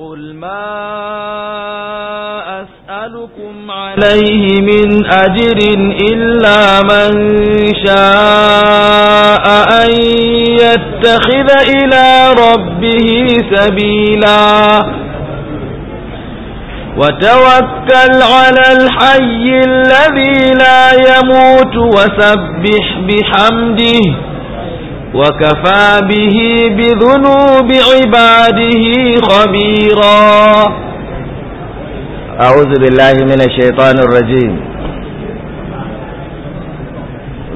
قل ما أسألكم عليه من أجر إلا من شاء أن يتخذ إلى ربه سبيلا وتوكل على الحي الذي لا يموت وسبح بحمده وكفى به بذنوب عباده خبيرا أعوذ بالله من الشيطان الرجيم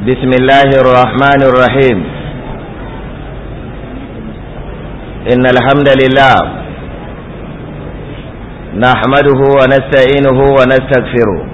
بسم الله الرحمن الرحيم إن الحمد لله نحمده ونستعينه ونستغفره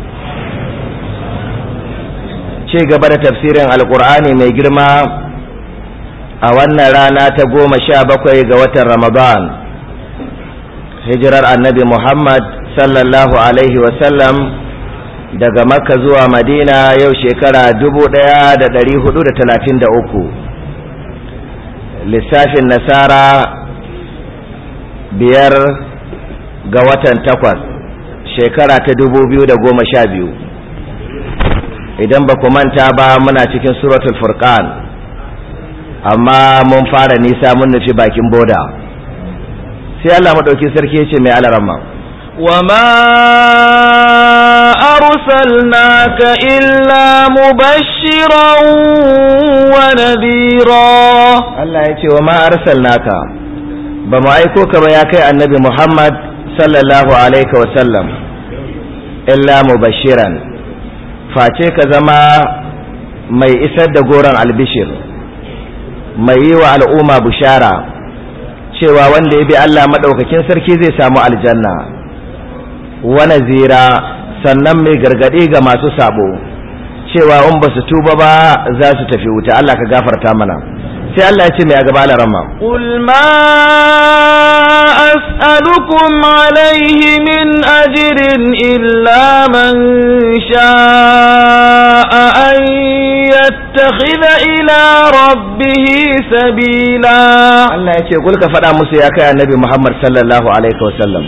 ce gaba da tafsirin alkur'ani mai girma a wannan rana ta goma sha bakwai ga watan ramadan hijirar annabi muhammad sallallahu alaihi wasallam daga makka zuwa madina yau shekara dubu daya da dari hudu da talatin da uku lissafin nasara biyar ga watan takwas shekara ta dubu biyu da goma sha biyu idan ba ku manta ba muna cikin suratul furqan amma mun fara nisa mun nufi bakin boda sai Allah madauki sarki ce mai alaramma wa ma arsalnaka illa mubashiran wa nadira Allah ya ce wa ma arsalnaka ba mu aiko ka ba ya kai annabi Muhammad sallallahu alaihi wa sallam illa mubashiran face ka zama mai isar da goron albishir mai yi wa al'umma bushara cewa wanda ya bi Allah maɗaukakin sarki zai samu aljanna wani zira sannan mai gargaɗi ga masu sabo cewa in ba su tuba ba za su tafi wuta Allah ka gafarta mana sai Allah ya ce mai a gaba da qul ma as'alukum alayhi min ajrin illa man sha'a an yattakhidha ila sabila Allah ya ce kul ka faɗa musu ya kai annabi Muhammad sallallahu alaihi sallam,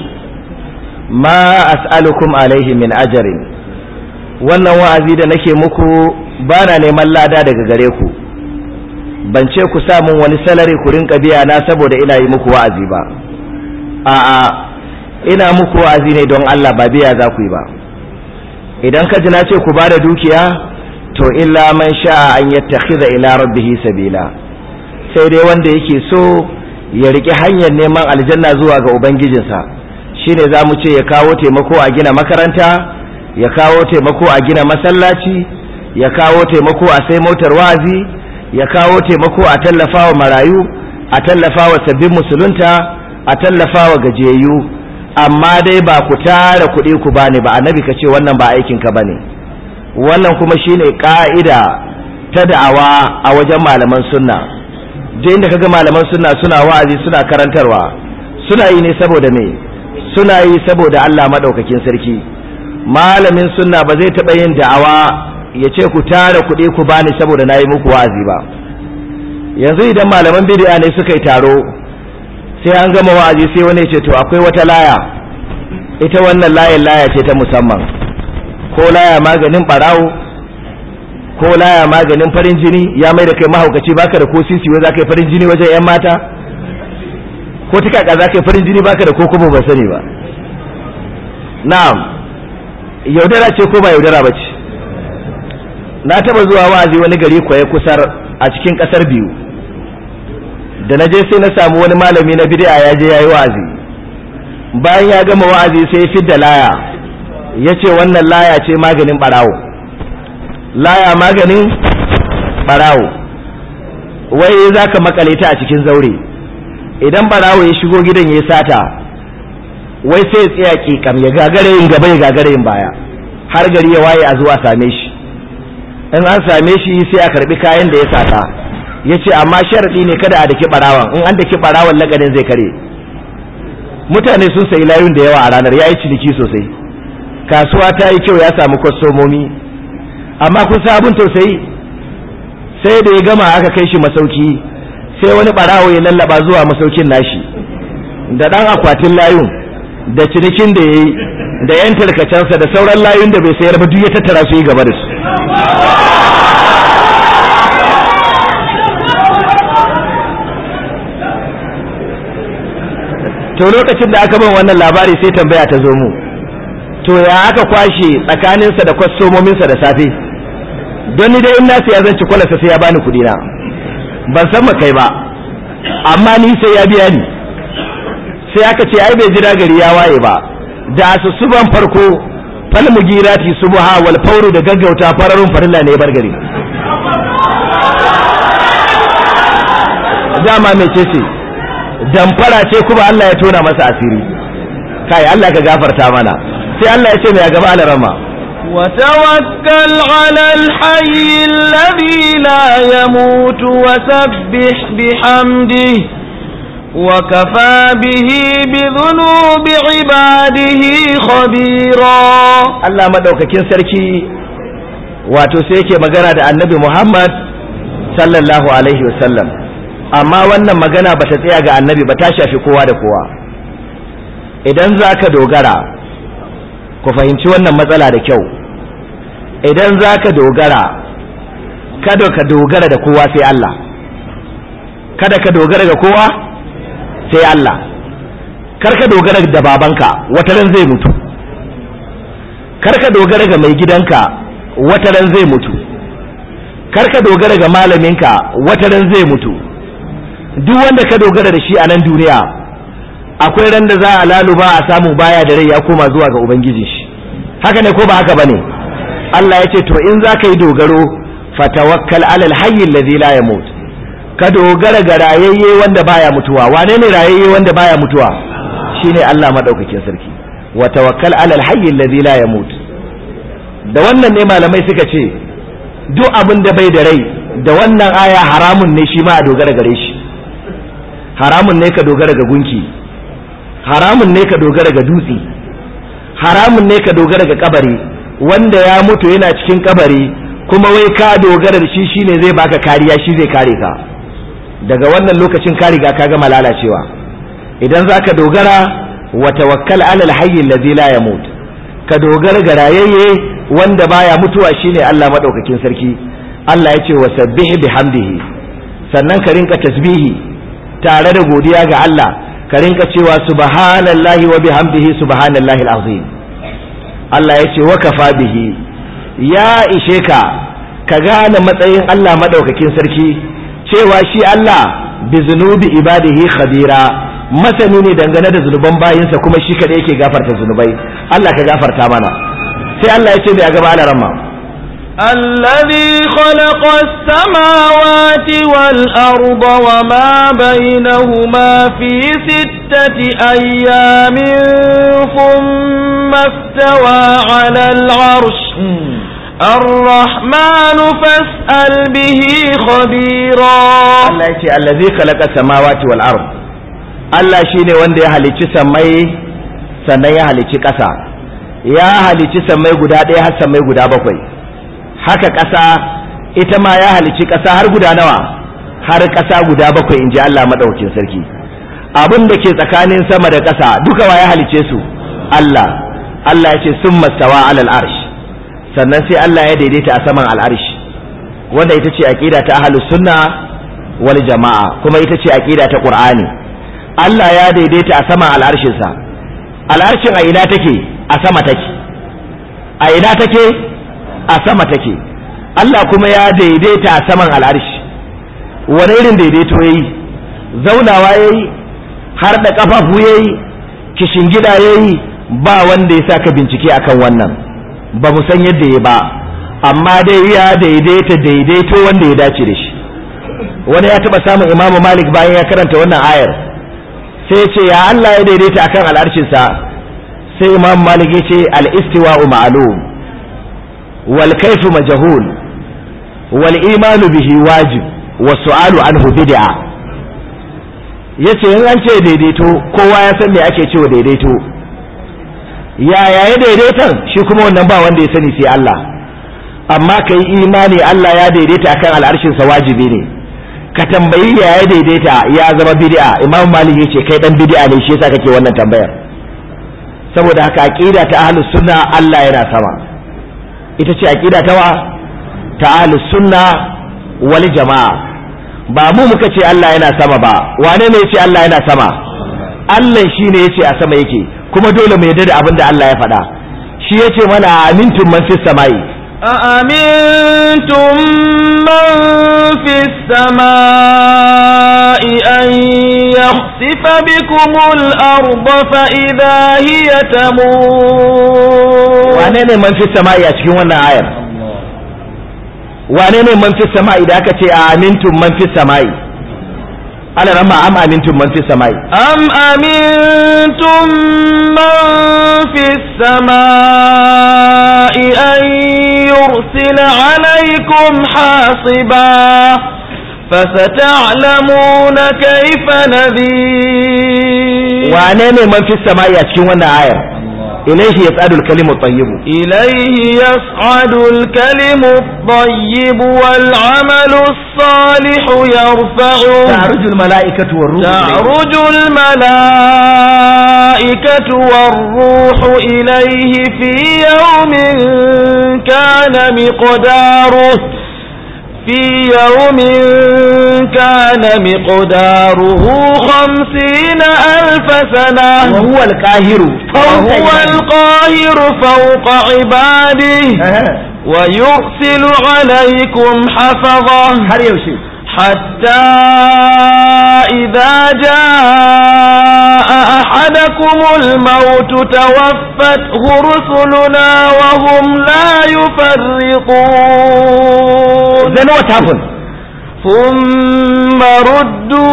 ma as'alukum alayhi min ajrin wannan wa'azi da nake muku ba na neman lada daga gare ku ban ce ku sa min wani salari ku rinka biya na saboda ina yi muku wa'azi ba a'a ina muku wa'azi ne don Allah ba biya za ku yi ba idan ka ji na ce ku ba da dukiya to illa man sha'a an yattakhidha ila rabbihi sabila sai dai wanda yake so ya riki hanyar neman aljanna zuwa ga ubangijinsa shine za mu ce ya kawo taimako a gina makaranta ya kawo taimako a gina masallaci ya kawo taimako a sai motar wa'azi ya kawo taimako a tallafawa marayu a tallafawa sabbin musulunta a tallafawa wa gajeyu amma dai ba ku tara kuɗi ku bani ba annabi ka ce wannan ba aikinka ba ne wannan kuma shine ƙa'ida ta da'awa a wajen malaman sunna duk inda kaga malaman sunna suna wa'azi suna karantarwa suna yi ne saboda me suna yi saboda Allah madaukakin sarki malamin sunna ba zai taɓa yin da'awa ya ce ku tara kuɗi ku bani saboda na yi muku wa'azi ba yanzu idan malaman bid'a ne suka yi taro sai an gama wa'azi sai wani ya ce to akwai wata laya ita wannan layin laya ce ta musamman ko laya maganin barawo ko laya maganin farin jini ya mai da kai mahaukaci baka da ko sisi wai zaka yi farin jini wajen yan mata ko tikaka zaka yi farin jini baka da ko kuma ba sani ba na'am yaudara ce ko ba yaudara ba ce na taba zuwa wa'azi wani gari kwaye kusar a cikin kasar biyu da na je sai na samu wani malami na bid'a ya je yayi wa'azi bayan ya gama wa'azi sai ya fidda laya ya ce wannan laya ce maganin barawo laya maganin barawo wai za ka makale ta a cikin zaure idan barawo ya shigo gidan ya sata wai sai ya tsaya kikam ya gagare yin gaba ya gagarayin baya har gari ya waye a zuwa same shi in an same shi sai a karbi kayan da ya sata ya ce amma sharaɗi ne kada a daki ɓarawan in an daki ɓarawan laganin zai kare mutane sun sayi layun da yawa a ranar ya yi ciniki sosai kasuwa ta yi kyau ya samu kwastomomi amma kun sabon tausayi sai da ya gama aka kai shi masauki sai wani ɓarawo ya lallaba zuwa masaukin nashi da ɗan akwatin layun da cinikin da ya yi da yan tarkacensa da sauran layun da bai sayar ba duk ya tattara su yi gaba da su to lokacin da aka ban wannan labari sai tambaya ta zo mu to ya aka kwashe tsakaninsa da kwastomominsa da safe don ni dai in na siya zan ci kwalasa sai ya bani kuɗi na ban san kai ba amma ni sai ya biya ni sai aka ce ai bai jira gari ya waye ba da suban farko falmu girati subha wal fawru da gaggauta fararun farilla ne bar gari dama mece ce damfara ce kuma Allah ya tona masa asiri kai Allah ka gafarta mana sai Allah ya ce mai gaba alarama وتوكل على الحي الذي لا يموت وسبح بحمده وكفى به بذنوب عباده خبيرا الله مدوكاكين سركي wato sai yake magana da annabi Muhammad sallallahu alaihi wasallam amma wannan magana ba ta tsaya ga annabi ba ta shafi kowa da kowa idan za ka dogara ku fahimci wannan matsala da kyau idan za ka dogara kada ka dogara da kowa sai Allah kada ka dogara ga kowa sai Allah karka dogara da babanka wata zai mutu karka dogara ga mai gidanka wata ran zai mutu karka dogara ga malaminka wata ran zai mutu duk wanda ka dogara da shi a nan duniya akwai ran da za a laluba a samu baya da rai ya koma zuwa ga ubangiji shi haka ne ko ba haka bane Allah ya ce to in za ka yi dogaro fatawakkal alal hayyin ladhi la yamut ka dogara ga rayayye wanda baya mutuwa wane ne rayayye wanda baya mutuwa shine Allah madaukakin sarki wa tawakkal alal hayy alladhi la yamut da wannan ne malamai suka ce duk abin da bai da rai da wannan aya haramun ne shi ma a dogara gare shi haramun ne ka dogara ga gunki haramun ne ka dogara ga dutse haramun ne ka dogara ga kabari wanda ya mutu yana cikin kabari kuma wai ka dogara da shi shine zai baka kariya shi zai kare ka daga wannan lokacin ka riga ka gama lalacewa idan za ka dogara wa tawakkal alal hayyin alladhi la yamut ka dogara ga rayayye wanda baya mutuwa shine Allah madaukakin sarki Allah ya wa sabbihi bihamdihi sannan ka rinka tasbihi tare da godiya ga Allah ka rinka cewa subhanallahi wa bihamdihi subhanallahi alazim Allah ya wa kafa bihi ya ishe ka ka gane matsayin Allah madaukakin sarki cewa shi Allah bi zunubi ibadihi khabira masani ne dangane da zunuban bayinsa kuma shi kadai yake gafarta zunubai Allah ka gafarta mana sai Allah ya ce bai a gaba alaramma الذي خلق السماوات والأرض وما بينهما في ستة أيام ثم استوى على العرش الرحمن فاسأل به خبيرا الله يتي الذي خلق السماوات والأرض الله شيني وندي هاليتي سمي سنة كسا يا هاليتي سمي قدا دي هل سمي قدا بكوي haka ƙasa ita ma ya halicci ƙasa har guda nawa har ƙasa guda bakwai in ji Allah maɗaukin sarki abin da ke tsakanin sama da ƙasa duka wa ya halicce su Allah Allah ya ce sun mastawa alal arsh sannan sai Allah ya daidaita a saman al'arshi wanda ita ce aqida ta ahlus sunna wal jama'a kuma ita ce aqida ta qur'ani Allah ya daidaita a saman al'arshin sa al'arshin a ina take a sama take a ina take a sama take Allah kuma ya daidaita a saman al'arshi wani irin daidaito yayi zaunawa yayi har da kafafu yayi kishin gida yayi ba wanda ya saka bincike akan wannan ba mu san yadda ya ba amma dai ya daidaita daidaito wanda ya dace da shi wani ya taba samun imamu malik bayan ya karanta wannan ayar sai ya ce ya Allah ya daidaita kan al'arshinsa sai imamu malik ya ce al-istiwa'u ma'lum wal kayfu majhul wal imanu bihi wajib wa su'alu anhu bid'a yace in an ce daidaito kowa ya san me ake cewa daidaito yaya ya daidaitan shi kuma wannan ba wanda ya sani sai Allah amma ka yi imani Allah ya daidaita akan al'arshinsa wajibi ne ka tambayi ya ya daidaita ya zama bid'a imam malik ya ce kai dan bid'a ne shi yasa kake wannan tambayar saboda haka aqida ta ahlus sunna Allah yana sama ita ce aqida ta wa ta ahlus sunna wal jama'a ba mu muka ce Allah yana sama ba wane ne ya ce Allah yana sama Allah shi ne ya a sama yake kuma dole mu yarda da abin da Allah ya faɗa shi yace ce mana amintum man fi samai A amintum man fi samai an yakhsifa bikum al-ard fa idha hiya tamur wane ne man fi samai a cikin wannan ayar wane ne man fi samai da aka ce amintum man fi samai على رما أم أمنتم من في السماء أم أمنتم من في السماء أن يرسل عليكم حاصبا فستعلمون كيف نذير wane ne man fi sama ya cikin wannan ayar إليه يصعد الكلم الطيب إليه يصعد الكلم الطيب والعمل الصالح يرفعه تعرج الملائكة والروح تعرج الملائكة والروح إليه في يوم كان مقداره في يوم كان مقداره خمسين ألف سنة وهو القاهر وهو القاهر فوق عباده ويرسل عليكم حفظة حتى إذا جاء أَحَدَكُمُ الْمَوْتُ تَوَفَّتْهُ رُسُلُنَا وَهُمْ لَا يفرقون ثم ردوا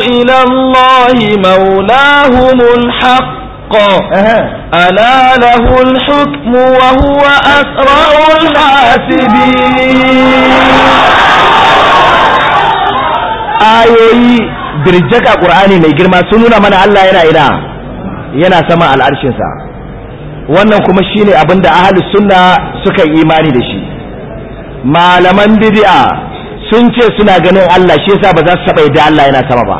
إلى الله مولاهم الحق ألا له الحكم وهو أسرع الحاسبين ayoyi birjaka qur'ani mai girma sun nuna mana Allah yana ina yana sama al'arshinsa wannan kuma shine abin da ahlus sunna suka yi imani da shi malaman bid'a sun ce suna ganin Allah shi yasa ba za su taba yadda Allah yana sama ba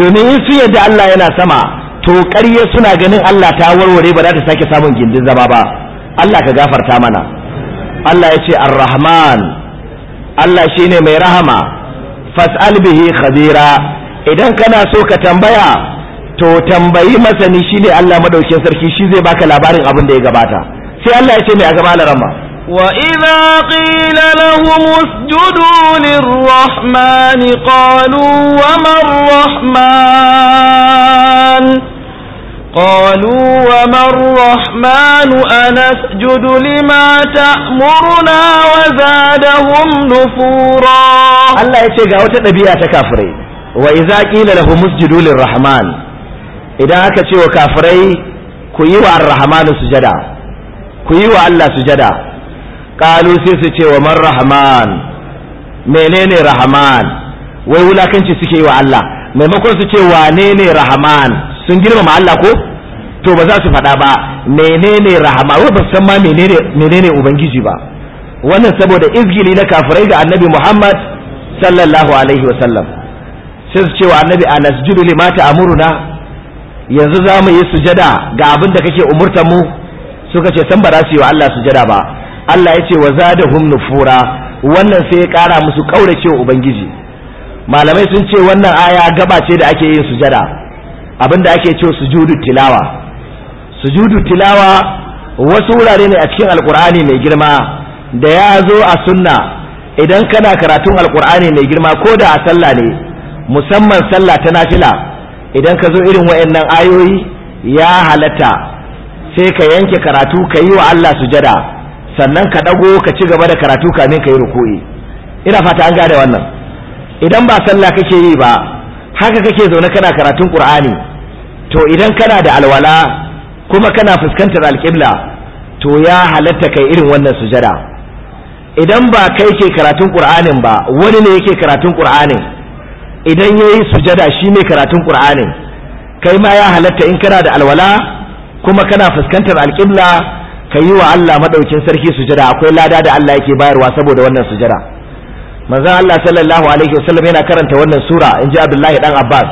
domin in sun yadda Allah yana sama to ƙarya suna ganin Allah ta warware ba za ta sake samun gindin zama ba Allah ka gafarta mana Allah ya ce ar-rahman Allah shine mai rahama fas'al bihi khabira idan kana so ka tambaya to tambayi masani shine Allah madaukin sarki shi zai baka labarin abin da ya gabata sai Allah ya ce mai a gaba larama وإذا قيل لهم اسجدوا للرحمن قالوا وما قالوا وما الرحمن أنسجد لما تأمرنا وزادهم نفورا الله يتشجع وتنبيع تكافري وإذا قيل له مسجد للرحمن إذا أكتشي وكافري كيوى الرحمن سجدا كيوى الله سجدا قالوا سيسي وما الرحمن منين رحمن ويولا كنتي سكي الله maimakon su ce wane ne rahaman sun girmama Allah ko to ba za su faɗa ba menene rahama wai ba san ma menene ubangiji ba wannan saboda izgili na kafirai ga annabi Muhammad sallallahu alaihi wa sallam sai su cewa annabi anasjudu Mata, amuruna yanzu za mu yi sujada ga abin da kake umurtar mu suka ce san ba za su yi wa Allah sujada ba Allah ya ce wa zadahum nufura wannan sai ya kara musu kaurace ubangiji malamai sun ce wannan aya gaba ce da ake yin sujada abinda ake cewa sujudu tilawa sujudu tilawa wasu wurare ne a cikin alkur'ani mai girma da ya zo a sunna idan kana karatun alkur'ani mai girma ko da a sallah ne musamman sallah ta nafila idan ka zo irin wa'annan ayoyi ya halatta sai ka yanke karatu ka yi wa Allah sujada sannan ka ɗago ka ci gaba da karatu kamin ka yi ruku'i ina fata an gada wannan idan ba sallah kake yi ba haka kake zaune kana karatun qur'ani to idan kana da alwala kuma kana fuskantar alƙibla to ya halatta kai irin wannan sujada idan ba kai ke karatun qur'anin ba wani ne yake karatun qur'anin idan yayi sujada shi ne karatun qur'anin kai ma ya halatta in kana da alwala kuma kana fuskantar alƙibla ka yi wa Allah madaukin sarki sujada akwai lada da Allah yake bayarwa saboda wannan sujada manzon Allah sallallahu alaihi wasallam yana karanta wannan sura in ji Abdullahi dan Abbas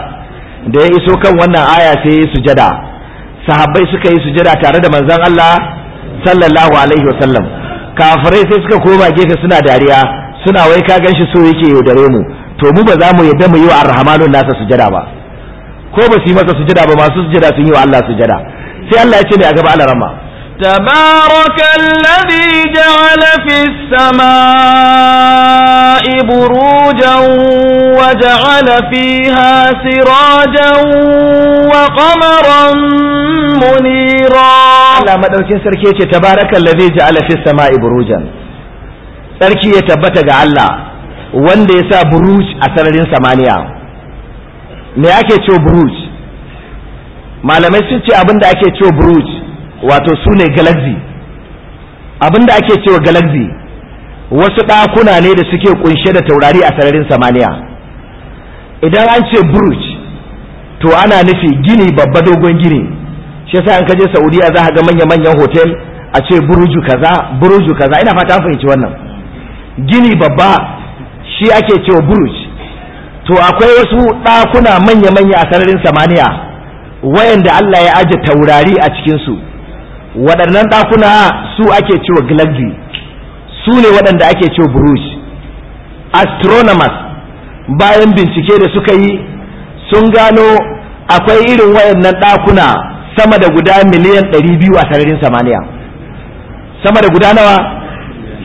da ya iso kan wannan aya sai ya sujada sahabbai suka yi sujada tare da manzon Allah sallallahu alaihi wasallam kafirai sai suka koma gefe suna dariya suna wai ka ganshi so yake yaudare mu to mu ba za mu yadda mu yi wa arhamanun nasa sujada ba ko ba su yi masa sujada ba masu sujada sun yi wa Allah sujada sai Allah ya ce ne a gaba تبارك الذي جعل في السماء بروجا وجعل فيها سراجا وقمرا منيرا الله مدوكين سركي تبارك الذي جعل في السماء بروجا سركي يتبت الله wanda ya sa buruj a sararin samaniya me ake cewa buruj malamai sun ce abin da ake cewa buruj wato su ne galaxy abinda ake cewa galaxy wasu ɗakuna ne da suke kunshe da taurari a sararin samaniya idan an ce Bridge to ana nufi gini babba dogon gini shi yasa an kaje saudiya za ga manya-manyan hotel a ce buruju kaza buruju kaza ina fata fahimci wannan gini babba shi ake cewa buruj to akwai wasu ɗakuna manya-manya a sararin samaniya wayanda Allah ya aje taurari a cikinsu waɗannan ɗakuna su ake cewa glagi su ne waɗanda ake cewa bruce astronomers bayan bincike da suka yi sun gano akwai irin waɗannan ɗakuna sama da guda miliyan ɗari biyu a sararin samaniya sama da guda nawa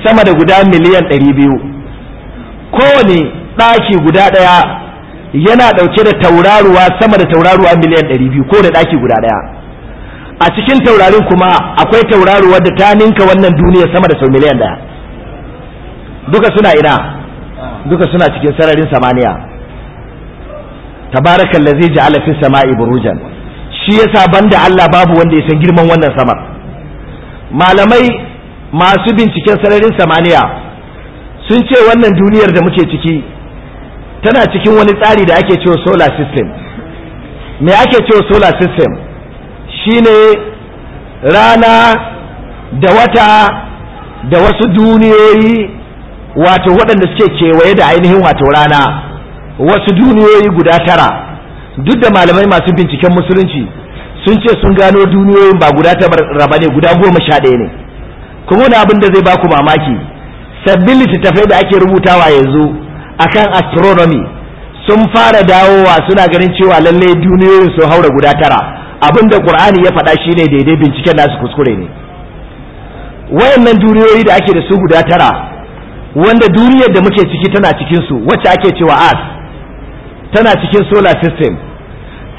sama da guda miliyan ɗari biyu kowane ɗaki guda ɗaya yana ɗauke da tauraruwa sama da tauraruwa miliyan ɗari biyu ko da ɗaki guda ɗaya a cikin taurarin kuma akwai tauraro wadda ta ninka wannan duniya sama da sau miliyan daya duka suna ina duka suna cikin sararin samaniya tabarakan lazi ji alafin sama burujan shi ya yasa da Allah babu wanda ya san girman wannan samar malamai masu binciken sararin samaniya sun ce wannan duniyar da muke ciki tana cikin wani tsari da ake cewa solar system me ake cewa solar system shine rana da wata da wasu duniyoyi wato waɗanda suke kewaye da ainihin wato rana wasu duniyoyi guda tara duk da malamai masu binciken musulunci sun ce sun gano duniyoyin ba guda tara ba ne guda goma sha ɗaya ne kuma wani abin da zai baku mamaki sabbin littattafai da ake rubutawa yanzu akan astronomy sun fara dawowa suna ganin cewa lallai duniyoyin sun haura guda tara abin da qur'ani ya faɗa shine daidai binciken nasu kuskure ne wayannan duniyoyi da ake da su guda tara wanda duniyar da muke ciki tana cikin su wacce ake cewa earth tana cikin solar system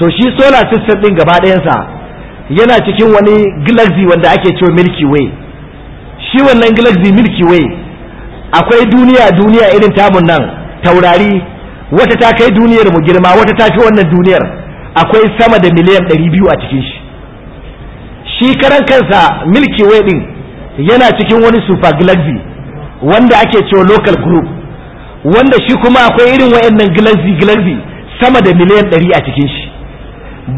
to shi solar system din gaba ɗayansa yana cikin wani galaxy wanda ake cewa milky way shi wannan galaxy milky way akwai duniya duniya irin tamun nan taurari wata ta kai duniyar mu girma wata ta fi wannan duniyar akwai sama da miliyan ɗari biyu a cikin shi shi karan kansa milki way ɗin yana cikin wani super galaxy wanda ake cewa local group wanda shi kuma akwai irin wa'annan galaxy galaxy sama da miliyan ɗari a cikin shi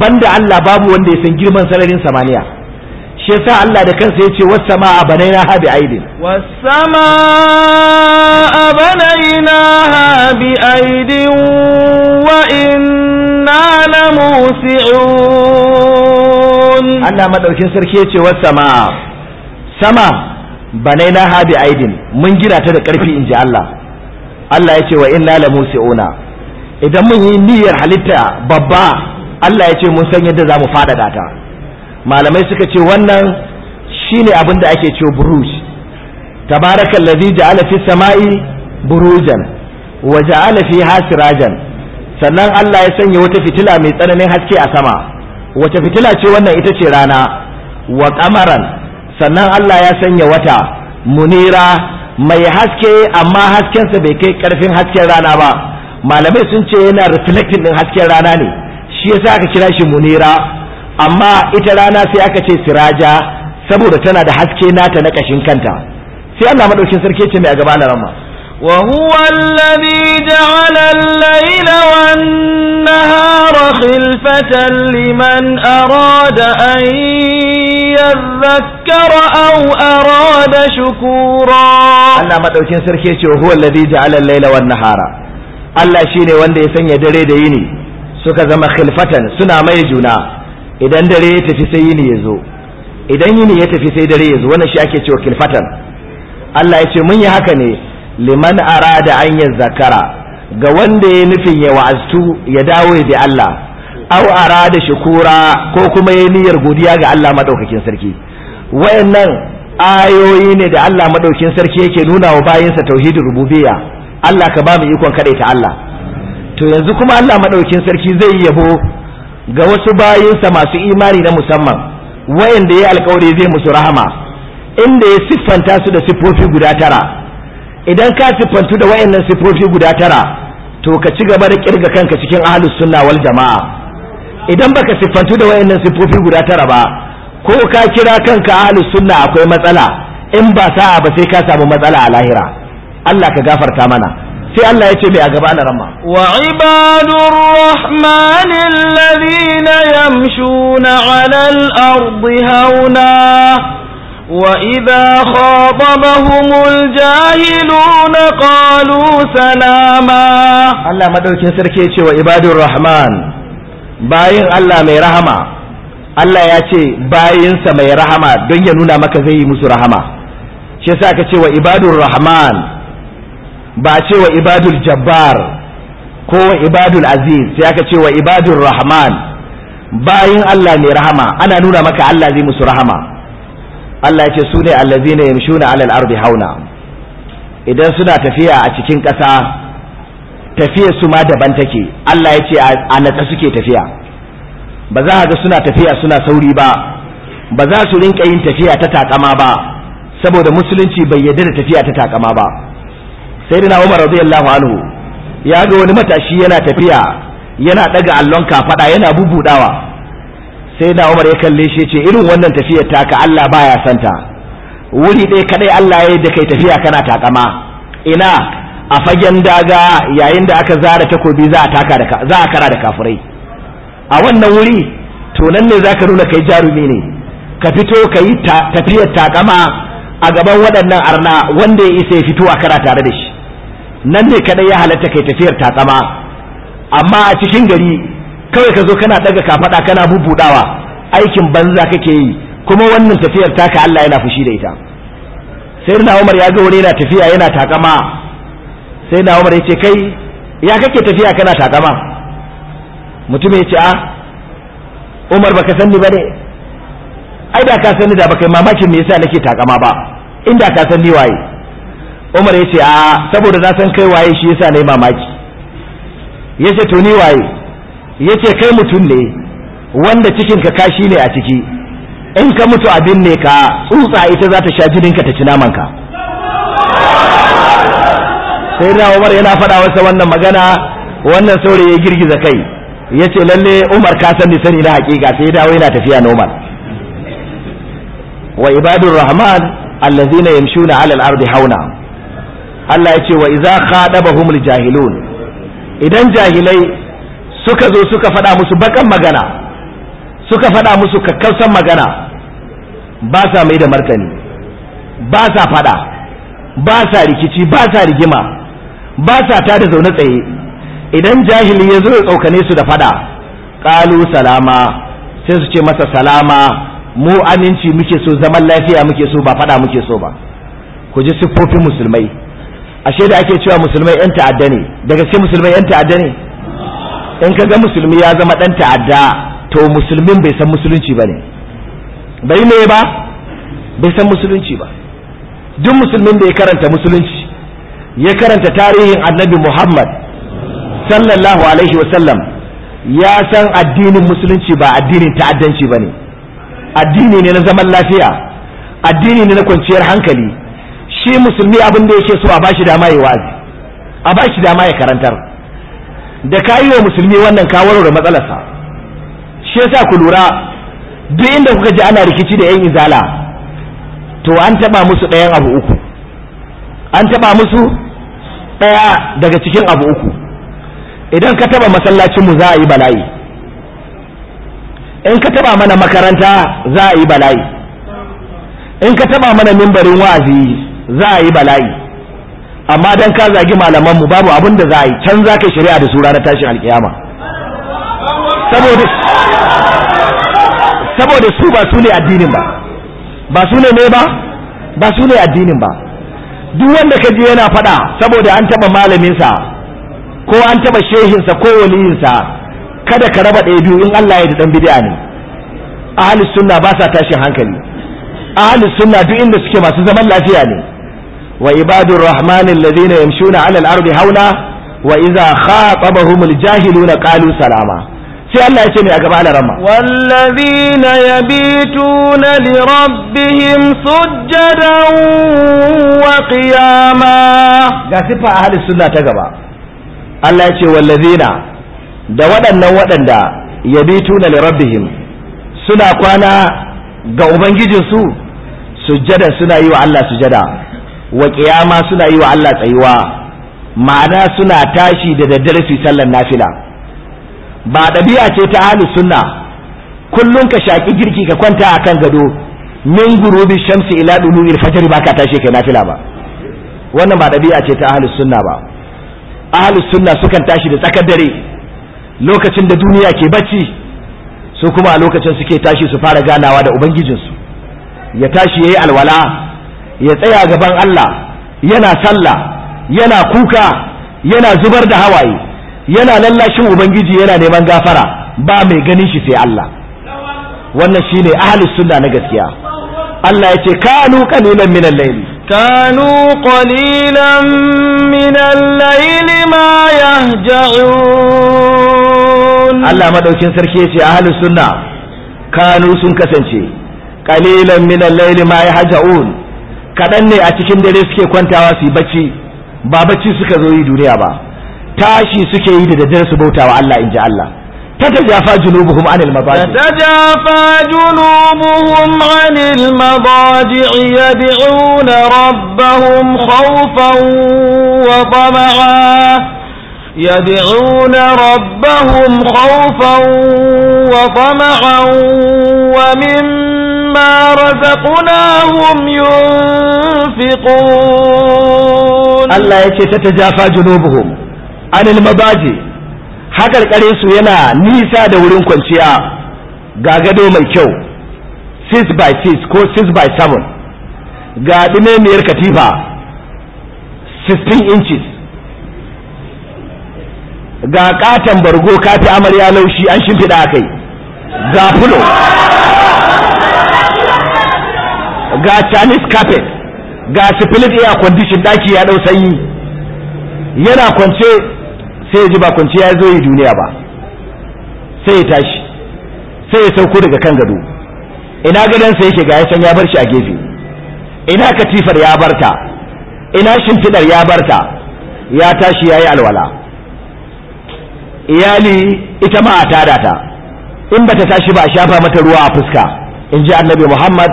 banda Allah babu wanda ya san girman sararin samaniya shi yasa Allah da kansa yace was samaa banaina ha bi aidin was samaa banaina ha bi aidin wa in inna lamusi'un Allah madaukin sarki yace wa sama sama banai na habi aidin mun gina ta da karfi ji Allah Allah yace wa inna musiuna idan mun yi niyyar halitta babba Allah yace mun san yadda zamu faɗaɗa ta malamai suka ce wannan shine abin da ake cewa buruj tabarakallazi ja'ala fis sama'i burujan wa ja'ala fiha sirajan sannan Allah ya sanya wata fitila mai tsananin haske a sama wata fitila ce wannan ita ce rana wa kamaran sannan Allah ya sanya wata munira mai haske amma haskensa bai kai karfin hasken rana ba malamai sun ce yana reflecting din hasken rana ne shi yasa aka kira shi munira amma ita rana sai aka ce siraja saboda tana da haske nata na kashin kanta sai Allah madaukin sarki ce mai a gaba na rama وهو الذي جعل الليل والنهار خلفة لمن أراد أن يذكر أو أراد شكورا أنا ما تقولين سركيتي وهو الذي جعل الليل والنهار Allah shi ne wanda ya sanya dare da yini suka zama khilfatan suna mai juna idan dare ya tafi sai yini ya zo idan yini ya tafi sai dare ya zo shi ake cewa Allah ya ce mun yi haka ne liman arada an yi zakara ga wanda ya nufin ya wa'aztu ya dawo ya bi Allah aw arada shukura ko kuma ya niyyar godiya ga Allah madaukakin sarki wayannan ayoyi ne da Allah madaukakin sarki yake nuna wa bayinsa tauhidin rububiyya Allah ka ba mu ikon ta Allah to yanzu kuma Allah madaukakin sarki zai yabo ga wasu bayinsa masu imani na musamman wayanda ya alkawari zai musu rahama inda ya siffanta su da siffofi guda tara idan ka siffantu da wayannan sifofi guda tara to ka ci gaba da kirga kanka cikin ahlus sunna wal jama'a idan baka siffantu da wayannan sifofi guda tara ba ko ka kira kanka ahlus sunna akwai matsala in ba sa'a ba sai ka samu matsala a lahira Allah ka gafarta mana sai Allah ya ce mai a gaba na ramma. Wa ibadun rahmanin lalina yamshuna alal ardi hauna وإذا خاطبهم الجاهلون قالوا سلاما الله ما دوكين سركي وعباد الرحمن bayin Allah mai rahama Allah ya ce bayinsa mai rahama don ya nuna maka zai yi musu rahama shi yasa aka ce wa ibadur rahman ba ce wa ibadul jabbar ko wa ibadul aziz sai aka ce wa ibadur rahman Bayan Allah mai rahama ana nuna maka Allah zai musu rahama Allah ya ce su ne allazina yamshuna alal ardi hauna idan suna tafiya a cikin ƙasa tafiyar su ma daban take Allah ya ce a natsa suke tafiya ba za ga suna tafiya suna sauri ba ba za su rinka yin tafiya ta takama ba saboda musulunci bai yarda da tafiya ta takama ba sai sayyidina Umar radiyallahu anhu ya ga wani matashi yana tafiya yana daga allon kafada yana bubudawa sai na umar ya kalle shi ce irin wannan tafiyar taka Allah baya santa wuri ɗaya kadai Allah ya yi da kai tafiya kana takama ina a fagen daga yayin da aka zara takobi za a taka da za a kara da kafurai. a wannan wuri to nan ne zaka nuna kai jarumi ne ka fito ka tafiyar takama a gaban waɗannan arna wanda ya isa ya fito a kara tare da shi nan ne kadai ya halatta kai tafiyar takama amma a cikin gari kawai ka zo kana daga kafada kana bubudawa aikin banza kake yi kuma wannan tafiyar taka Allah yana fushi da ita sai na Umar ya ga wani yana tafiya yana takama sai na Umar ya ce kai ya kake tafiya kana takama mutum ya ce a ah, Umar baka sani bane ai da ka sani da baka mamakin me yasa nake takama ba inda ka sani waye Umar ya ce a ah, saboda na san kai waye shi yasa nayi mamaki yace to ni waye yace kai mutum ne wanda cikinka ka kashi ne a ciki in ka mutu abin ne ka tsutsa ita za ta sha jinin ka ta ci naman ka sai na Umar yana faɗa wasa wannan magana wannan saurayi ya girgiza kai yace lalle Umar ka san ni sani na hakika sai dawo yana tafiya normal wa ibadur rahman allazina yamshuna ala al-ardi hauna Allah ya ce wa idza khadabahum al-jahilun idan jahilai suka zo suka faɗa musu bakan magana suka faɗa musu kakkausan magana ba sa mai da martani ba sa faɗa ba sa rikici ba sa rigima ba sa ta da zaune tsaye idan jahili ya zo ya tsokane su da faɗa ƙalu salama sai su ce masa salama mu aminci muke so zaman lafiya muke so ba faɗa muke so ba ku ji siffofin musulmai ashe da ake cewa musulmai 'yan ta'adda ne daga cikin musulmai 'yan ta'adda ne in ka ga musulmi ya zama dan ta'adda to musulmin bai san musulunci ba ne bai ne ba bai san musulunci ba duk musulmin da ya karanta musulunci ya karanta tarihin annabi muhammad sallallahu alaihi wasallam ya san addinin musulunci ba addinin ta'addanci ba ne addini ne na zaman lafiya addini ne na kwanciyar hankali shi musulmi abin da yake so a bashi dama ya wazi a bashi dama ya karantar da ka yi wa musulmi wannan ka warware matsalarsa shi yasa ku lura duk inda kuka ji ana rikici da yan izala to an taba musu ɗayan abu uku an taba musu ɗaya daga cikin abu uku idan ka taba masallacin mu za a yi bala'i in ka taba mana makaranta za a yi bala'i in ka taba mana mimbarin wa'azi za a yi bala'i amma dan ka zagi malaman mu babu abin da za a yi can za ka shari'a da su ranar tashin alkiyama saboda saboda su ba su ne addinin ba ba su ne ne ba ba su ne addinin ba duk wanda ka ji yana faɗa saboda an taɓa malaminsa ko an taɓa shehinsa ko waliyinsa kada ka raba ɗaya biyu in Allah ya da dan bid'a ne ahlus sunna ba sa tashin hankali ahlus sunna duk inda suke masu zaman lafiya ne وعباد الرحمن الذين يمشون على الأرض هونا وإذا خاطبهم الجاهلون قالوا سلاما sai Allah ya ce mai a gaba alarama wallazina yabituna li rabbihim sujjadan wa qiyama ga sifa halin sunna ta gaba Allah ya ce wallazina da waɗannan waɗanda bi li rabbihim suna kwana ga ubangijinsu sujjada suna yi wa Allah sujada wa kiyama suna yi wa Allah tsayuwa ma'ana suna tashi da daddare su sallar nafila ba ɗabi'a ce ta ahlus sunna kullun ka shaki girki ka kwanta akan gado min gurubi shamsi ila dulubil fajr ba ka tashi kai nafila ba wannan ba ɗabi'a ce ta ahlus sunna ba ahlus sunna sukan tashi da tsakar dare lokacin da duniya ke bacci su kuma a lokacin suke tashi su fara ganawa da ubangijinsu ya tashi yayi alwala ya tsaya gaban Allah yana sallah yana kuka yana zubar da hawaye yana lallashin ubangiji yana neman gafara ba mai ganin shi sai Allah wannan shine ahlus sunna na gaskiya Allah ya ce kanu qalilan min al min al-layl ma yahja'un Allah madaukin sarki ya ce سركيتي sunna kanu sun kasance qalilan min al-layl ma yahja'un kaɗan ne a cikin dare suke kwantawa su yi bacci ba bacci suka zo yi duniya ba tashi suke yi da daddare su bauta wa Allah in ji Allah تتجافى جنوبهم عن المضاجع تتجافى جنوبهم عن المضاجع يدعون ربهم خوفا وطمعا يدعون ربهم خوفا وطمعا ومما رزقناهم ينفقون الله يكي تتجافى جنوبهم عن المباجي hakar su yana nisa da wurin kwanciya ga gado mai kyau 6 by 6 ko 6 by 7 ga ɗimemiyar katifa 16 inches ga katon bargo kafi amarya laushi an shimfiɗa a kai ga fulo ga chinese carpet ga split air condition daki ya dau sanyi yana kwance sai ya ji ba kwance ya zo yi duniya ba sai ya tashi sai ya sauko daga kan gado ina gadonsa yake ga ya san ya bar shi a gefe ina katifar ya barta ina shimfiɗar ya barta ya tashi ya yi alwala iyali ita ma a tada ta in bata tashi ba a shafa mata ruwa a fuska in ji annabi Muhammad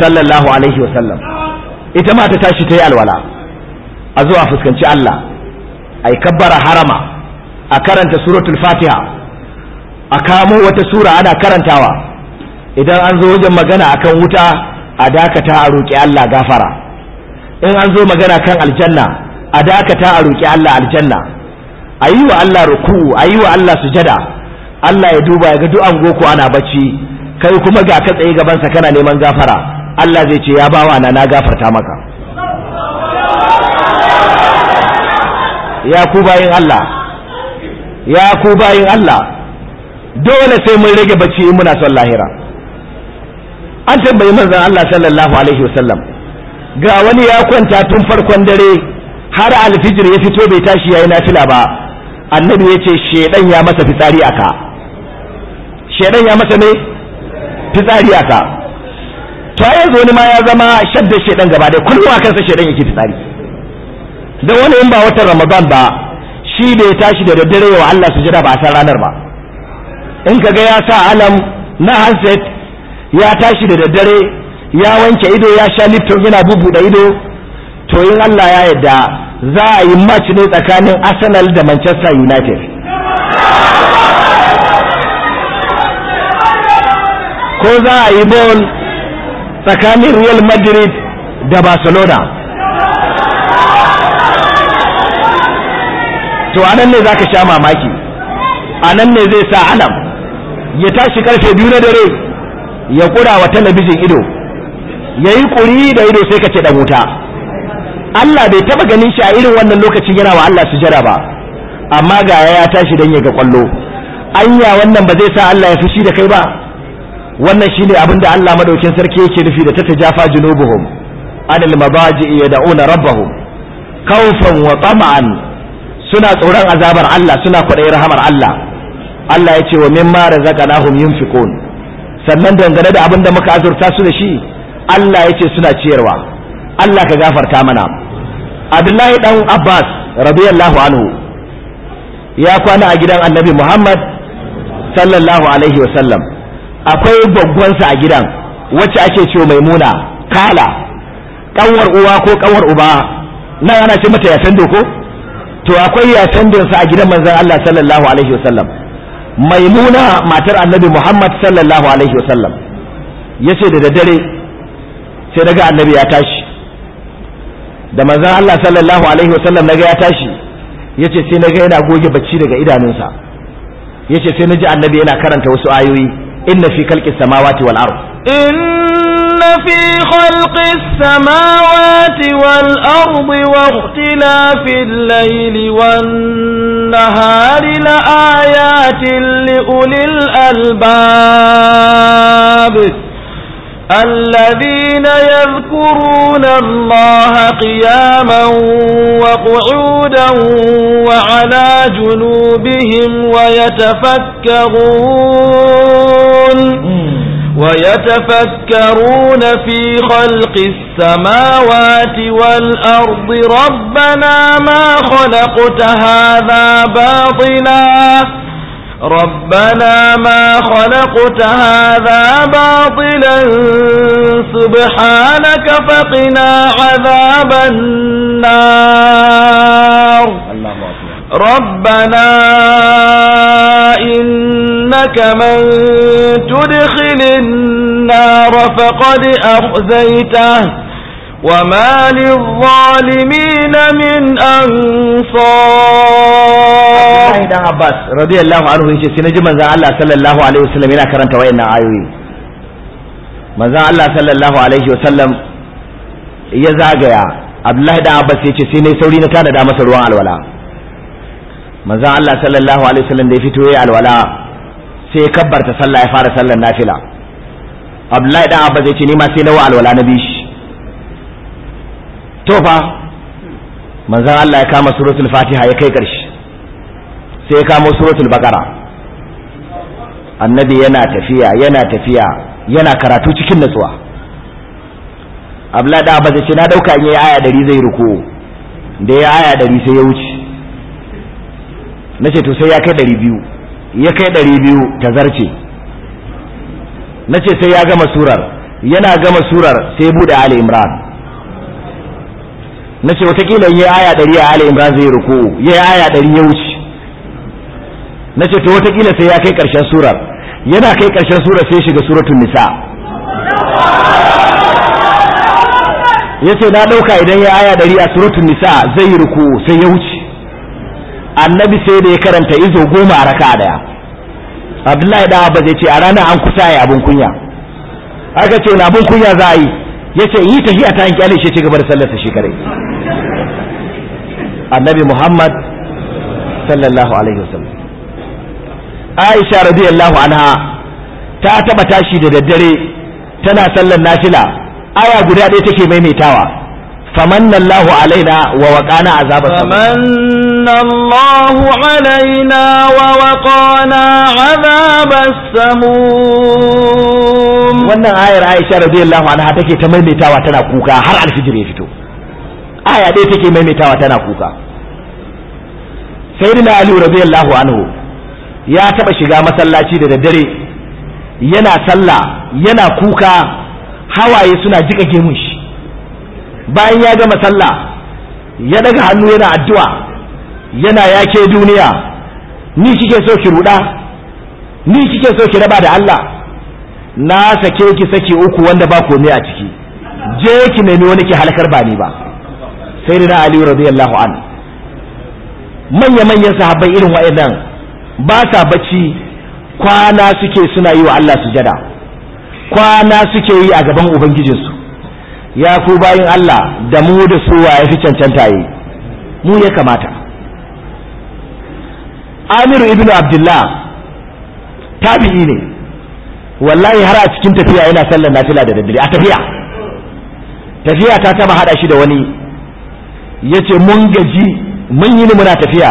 sallallahu alaihi wasallam ita ma ta tashi ta yi alwala a zuwa fuskanci Allah a yi kabbara harama a karanta suratul fatiha a kamo wata sura ana karantawa idan an zo wajen magana akan wuta a dakata a roƙi Allah gafara in an zo magana kan aljanna a dakata a roƙi Allah aljanna a yi wa Allah ruku a yi wa Allah sujada Allah ya duba ya ga du'an goko ana bacci kai kuma ga ka tsaye gabansa kana neman gafara Allah zai ce ya bawa na na gafarta maka ya ku bayin Allah ya ku bayin Allah dole sai mun rage bacci in muna son lahira an tambayi manzon Allah sallallahu alaihi wasallam ga wani ya kwanta tun farkon dare har alfijir ya fito bai tashi yayi nafila ba annabi ya ce shedan ya masa fitsari a ka shedan ya masa ne fitsari a ka yanzu wani ma ya zama shadda shedan gaba da kullum a kansa shedan yake fitsari don wani in ba watan ramadan ba shi bai tashi da daddare wa Allah su jira ba a san ranar ba in ka ga ya sa alam na hanset ya tashi da daddare ya wanke ido ya sha lifton yana bubuɗe ido to in Allah ya yarda za a yi match ne tsakanin arsenal da manchester united ko za a yi ball tsakanin real madrid da barcelona to anan ne za ka sha mamaki anan ne zai sa alam ya tashi karfe biyu na dare ya kura wa talabijin ido ya yi kuri da ido sai ka ce wuta Allah bai taba ganin shi a irin wannan lokacin yana wa Allah sujada ba amma ga ya tashi dan ya ga kwallo anya wannan ba zai sa Allah ya fushi da kai ba wannan shine abin da Allah madaukin sarki yake nufi da tatajafa junubuhum anil mabaji yad'una rabbahum khawfan wa tama'an suna tsoron azabar Allah suna kwaɗayin rahamar Allah Allah ya ce wa mimma razaqnahum yunfiqun sannan dangane da abin da muka azurta su da shi Allah ya ce suna ciyarwa Allah ka gafarta mana abdullahi dan abbas radiyallahu anhu ya kwana a gidan annabi muhammad sallallahu alaihi wasallam akwai gwaggwansa a gidan wacce ake ciwo maimuna kala kanwar uwa ko kanwar uba nan ana ce mata yasan doko to akwai yasan sa a gidan manzon Allah sallallahu alaihi wasallam maimuna matar annabi muhammad sallallahu alaihi wasallam yace da daddare sai daga annabi ya tashi da manzon Allah sallallahu alaihi wasallam naga ya tashi yace sai naga yana goge bacci daga idanunsa yace sai naji annabi yana karanta wasu ayoyi inna fi khalqis samawati wal ard inna fi khalqis samawati wal ard wa ikhtilafil layli wan nahari la ayatin li ulil albab الذين يذكرون الله قياما وقعودا وعلى جنوبهم ويتفكرون ويتفكرون في خلق السماوات والأرض ربنا ما خلقت هذا باطلا ربنا ما خلقت هذا باطلا سبحانك فقنا عذاب النار ربنا إنك من تدخل النار فقد أخزيته وما للظالمين من أنصار الله دان عباس رضي الله عنه yace sai naji manzon Allah sallallahu alaihi wasallam yana karanta wayannan ayoyi manzon Allah sallallahu alaihi wasallam ya zagaya Abdullahi dan Abbas yace sai nayi sauri na tada da masa ruwan alwala manzon Allah sallallahu alaihi wasallam da ya fito yayi alwala sai ya kabbarta sallah ya fara sallar nafila Abdullahi dan Abbas yace ni ma sai nawa alwala na bishi to fa Allah ya kama suratul fatiha ya kai karshe sai ya kama suratul baqara annabi yana tafiya yana tafiya yana karatu cikin natsuwa abla da ba ce na dauka in yi aya 100 zai ruku da ya aya 100 sai ya wuce nace to sai ya kai 200 ya kai 200 ta zarce nace sai ya gama surar yana gama surar sai bude ali imran na ce watakila yi aya ɗari a ali imran zai ruku yi aya ɗari ya wuce na ce to watakila sai ya kai ƙarshen surar yana kai ƙarshen surar sai shiga suratun nisa ya ce na ɗauka idan ya aya ɗari a suratun nisa zai yi ruku sai ya wuce annabi sai da ya karanta izo goma a raka daya abdullahi da abba zai ce a ranar an kusa ya abin kunya aka ce na abin kunya za a yi yace yi tahiya ta yanki alai shi ci gaba da sallar ta shekare annabi muhammad sallallahu alaihi wasallam aisha radiyallahu anha ta taba tashi da daddare tana sallar nafila aya guda ɗaya take maimaitawa فمن الله alaina wa عذاب السموم فمن الله alaina wa عذاب السموم wannan ayar Aisha radiyallahu anha take ta maimaitawa tana kuka har alfijir ya fito aya dai take maimaitawa tana kuka sayyidina Ali radiyallahu anhu ya taba shiga masallaci da daddare yana sallah yana kuka hawaye suna jika gemun shi bayan ya gama sallah ya daga hannu yana addu'a yana yake duniya ni kike so ki ruda ni kike so ki raba da Allah na sake ki saki uku wanda ba komai a ciki je ki nemi wani ki halakar ba ni ba sai da Ali radiyallahu an manya manyan sahabbai irin wa'annan ba sa bacci kwana suke suna yi wa Allah sujada kwana suke yi a gaban ubangijinsu ya fi bayin Allah da mu da su ya fi cancanta yi mu ya kamata Amiru ibn Abdullah tabi'i ne wallahi har a cikin tafiya yana sallar nafila da daddare a tafiya tafiya ta taba hada shi da wani Ya ce mun gaji mun yi muna tafiya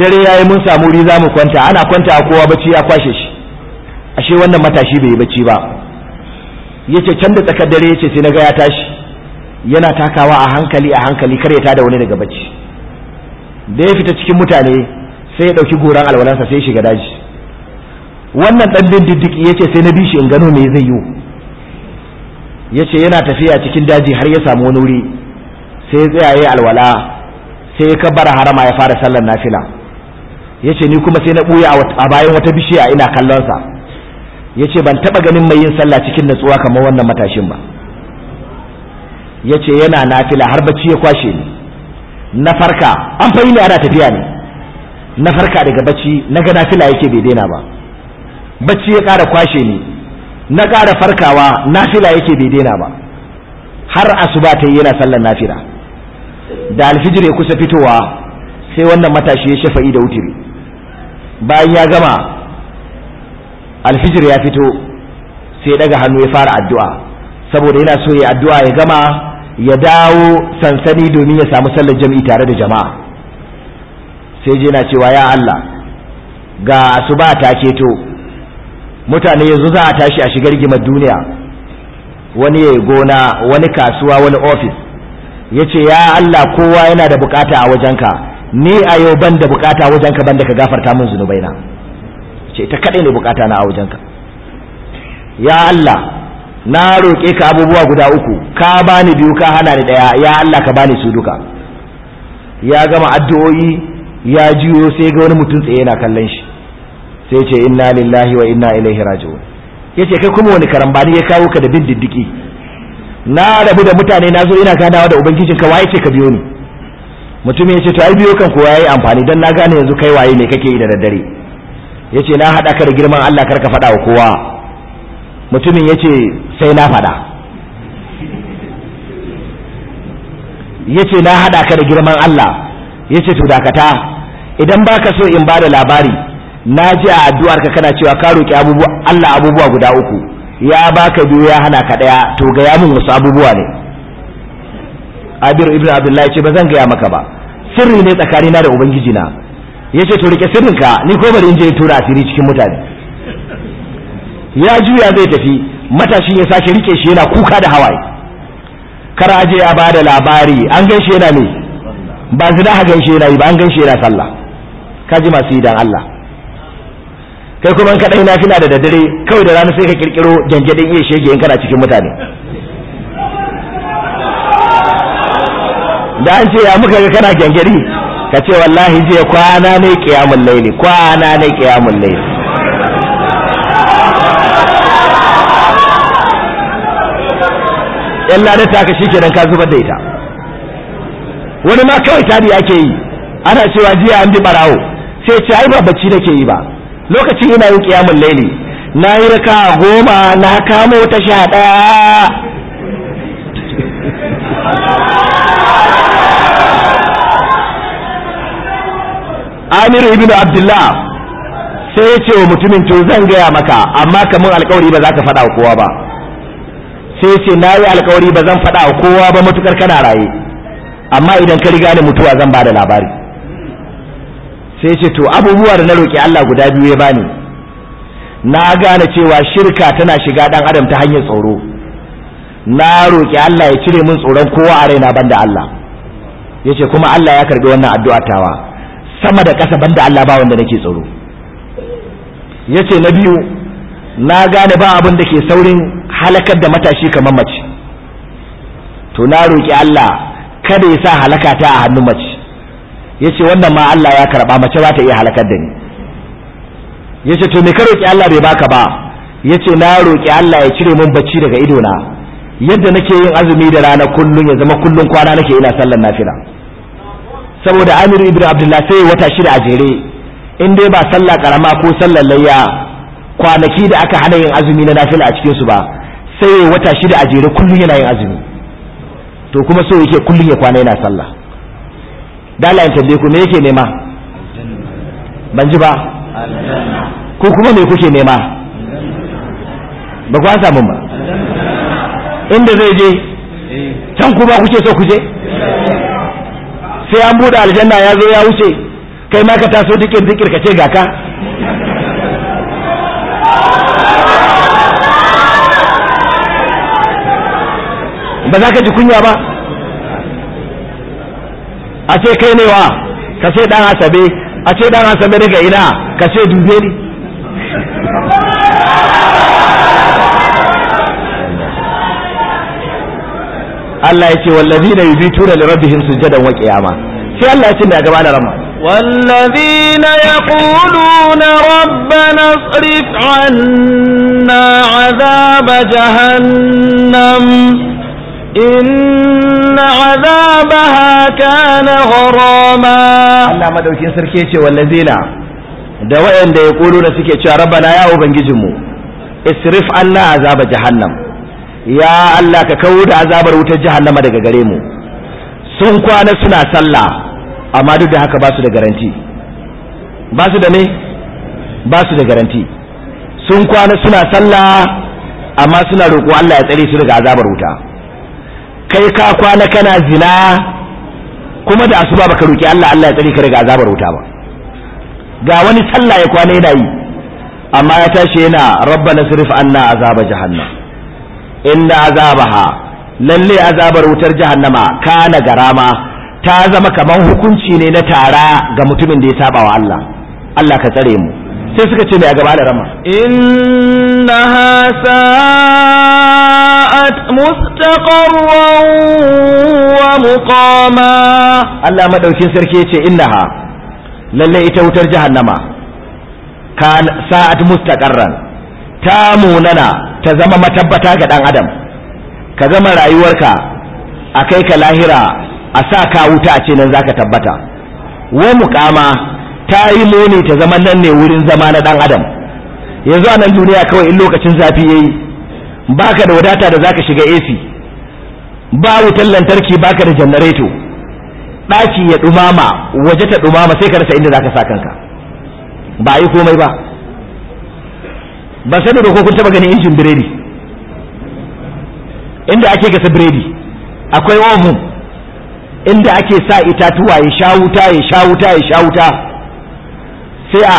dare ya yi mun samu riza mu kwanta ana kwanta kowa bacci ya kwashe shi ashe wannan matashi bai yi bacci ba yace can da tsakar dare yace sai naga ya tashi yana takawa a hankali a hankali kar ya da wani daga bacci da ya fita cikin mutane sai ya dauki goran alwalansa sai ya shiga daji wannan dan bin diddiki yace sai na bi shi in gano me zai yi yace yana tafiya cikin daji har ya samu wani wuri sai ya tsaya yayi alwala sai ya kabbara harama ya fara sallar nafila yace ni kuma sai na buya a bayan wata bishiya ina kallonsa. sa yace ban taɓa ganin mai yin sallah cikin natsuwa kamar wannan matashin ba yace yana nafila har bacci ya kwashe ni na farka an fa ne ana tafiya ne na farka daga bacci na ga nafila yake bai daina ba bacci ya kara kwashe ni na ƙara farkawa nafila yake bai daina ba har asuba ta yana sallar nafila da alfijir ya kusa fitowa sai wannan matashi ya shafa'i da wutiri bayan ya gama alfijir ya fito sai daga hannu ya fara addu'a saboda yana so ya addu'a ya gama ya dawo sansani domin ya samu sallar jam'i tare da jama'a sai je na cewa ya Allah ga asuba ta keto mutane yanzu za a tashi a shigar rigimar duniya wani ya gona wani kasuwa wani ofis ya ce ya Allah kowa yana da bukata a wajenka ni a yau ban da bukata wajenka ban da ka gafarta min zunubaina ce ta kadai ne bukata na a wajenka ya Allah na roƙe ka abubuwa guda uku ka bani biyu ka hana ni daya ya Allah ka bani su duka ya gama addu'o'i ya jiyo sai ga wani mutum tsaye yana kallon shi sai ce inna lillahi wa inna ilaihi raji'un yace kai kuma wani karamba ne ya kawo ka da bin diddiki na rabu da mutane na zo ina gadawa da ubangijin ka waye ce ka biyo ni mutum ya ce to ai biyo kan ko yayi amfani dan na gane yanzu kai waye ne kake yi da daddare ya ce na haɗa ka da girman Allah karka faɗa wa kowa mutumin ya ce sai na ya yace na haɗa ka da girman Allah yace ce dakata idan baka so in ba da labari na ji a addu'ar ka kana cewa ka roƙi Allah abubuwa guda uku ya baka biyu ya hana ka ɗaya to ga min wasu abubuwa ne Abir ibn Abdullahi ce ba zan gaya maka ba sirri ne tsakanina da ubangiji na ya ce to rike sirrinka ni ko bari in je tura asiri cikin mutane ya juya zai tafi matashin ya sake rike shi yana kuka da hawaye aje ya bada labari an gan shi yana ne ba zina ha gan shi yana yi ba an gan shi yana sallah ka ji masu yi Allah kai kuma in kadai fina da daddare kawai da rana sai ka kirkiro gyangyadin iya shege in kana cikin mutane da an ce ya muka ga kana gyangyari ka ce wallahi jiya kwana ne kiyamun laili kwana ne kiyamun laili yan ladar ta ka shi dan ka zubar da ita wani ma kawai tari ake yi ana cewa jiya an bi barawo sai ce ai ba bacci ke yi ba lokacin ina yin kiyamun laili na yi raka goma na kamo ta sha ɗaya amir ibn abdullah sai ya ce wa mutumin to zan gaya maka amma kamar alkawari ba za ka faɗa wa kowa ba sai ya ce na yi alkawari ba zan faɗa wa kowa ba matukar kana raye amma idan ka riga da mutuwa zan ba da labari sai ya ce to abubuwa da na roƙi Allah guda biyu ya bani na gane cewa shirka tana shiga ɗan adam ta hanyar tsoro na roƙi Allah ya cire min tsoron kowa a raina banda Allah yace kuma Allah ya karɓi wannan addu'a tawa sama da ƙasa banda Allah ba wanda nake tsoro yace na biyu na gane ba abin da ke saurin halakar da matashi kamar mace to na roƙi Allah kada ya sa halaka ta a hannun mace yace wannan ma Allah ya karba mace za ta iya halakar da ni yace to me ka roƙi Allah bai baka ba yace na roƙi Allah ya cire min bacci daga idona yadda nake yin azumi da rana kullum ya zama kullum kwana nake ina sallar nafila saboda Amiru ibn abdullah sai wata shida a jere in dai ba sallah karama ko sallar layya kwanaki da aka hana yin azumi na nafila a cikin su ba sai wata shida a jere kullun yana yin azumi to kuma so yake kullun ya kwana yana sallah da Allah ya tambaye ku me yake nema ban ji ba ko kuma me kuke nema ba ku an samu ba inda zai je can kuma kuke so ku je sai an bude aljanna ya zo ya wuce kai ma ka taso dukkan dikir ka ce ga ka ba za ka ji kunya ba a ce kai ne wa ka ce dan asabe a ce dan asabe daga ina ka ce dube Allah ya ce wallazina yubituna li rabbihim sujadan wa qiyama sai Allah ya ce da gaba da rama والذين يقولون ربنا اصرف عنا عذاب جهنم إن عذابها كان غراما الله ما دوكين سركيتي والذين da wayanda ya kulu na suke cewa rabbana ya ubangijinmu isrif anna azaba jahannam ya Allah ka kawo da azabar wutar jahannama daga gare mu sun kwana suna sallah amma duk da haka ba su da garanti ba su da ne ba su da garanti sun kwana suna sallah amma suna roƙo Allah ya tsare su daga azabar wuta kai ka kwana kana zina kuma da asuba baka roƙi Allah Allah ya tsare ka daga azabar wuta ba ga wani sallah ya kwana yana yi amma ya tashi yana rabbana sirif anna azaba jahannam inna azabaha lalle azabar wutar jahannama kana garama ta zama kamar hukunci ne na tara ga mutumin da ya saba wa Allah Allah ka tsare mu sai suka ce mai a gaba da rama inna sa'at mustaqarran wa muqama Allah madaukin sarki yace innaha lalle ita wutar jahannama kan sa'at mustaqarran ta munana ta zama matabbata ga ɗan adam ka zama rayuwarka a kai ka lahira a sa ka wuta a ce nan za ka tabbata wa muƙama ta yi muni ta zama nan ne wurin zama na ɗan adam yanzu a nan duniya kawai in lokacin zafi ya yi ba ka da wadata da za ka shiga ac ba wutar lantarki ba ka da janareto ɗaki ya ɗumama waje ta ɗumama sai ka rasa inda za ka sa kanka ba a yi komai ba ba sai da ko kun taba ganin injin biredi inda ake gasa biredi akwai oven inda ake sa itatuwa ya sha wuta ya sha wuta ya sha wuta sai a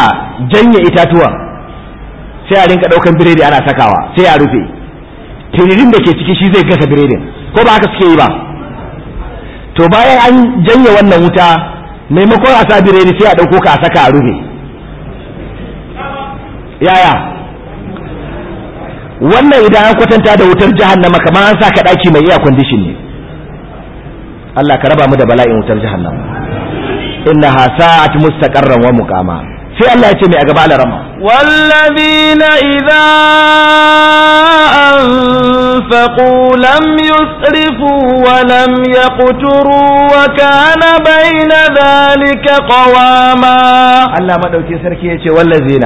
janye itatuwa sai a rinka daukan biredi ana sakawa sai a rufe tiririn da ke ciki shi zai gasa biredin ko ba haka suke yi ba to bayan an janye wannan wuta maimakon a sa biredi sai a dauko ka a saka a rufe yaya wannan idan an kwatanta da wutar jahannama kamar an saka daki mai iya condition ne Allah ka raba mu da bala'in wutar jahannama innaha sa'at mustaqarran wa muqama sai Allah ya ce mai a gaba alarama والذين إذا أنفقوا لم يسرفوا ولم يقتروا وكان بين ذلك قواما الله ما دوكي سركي يتي والذين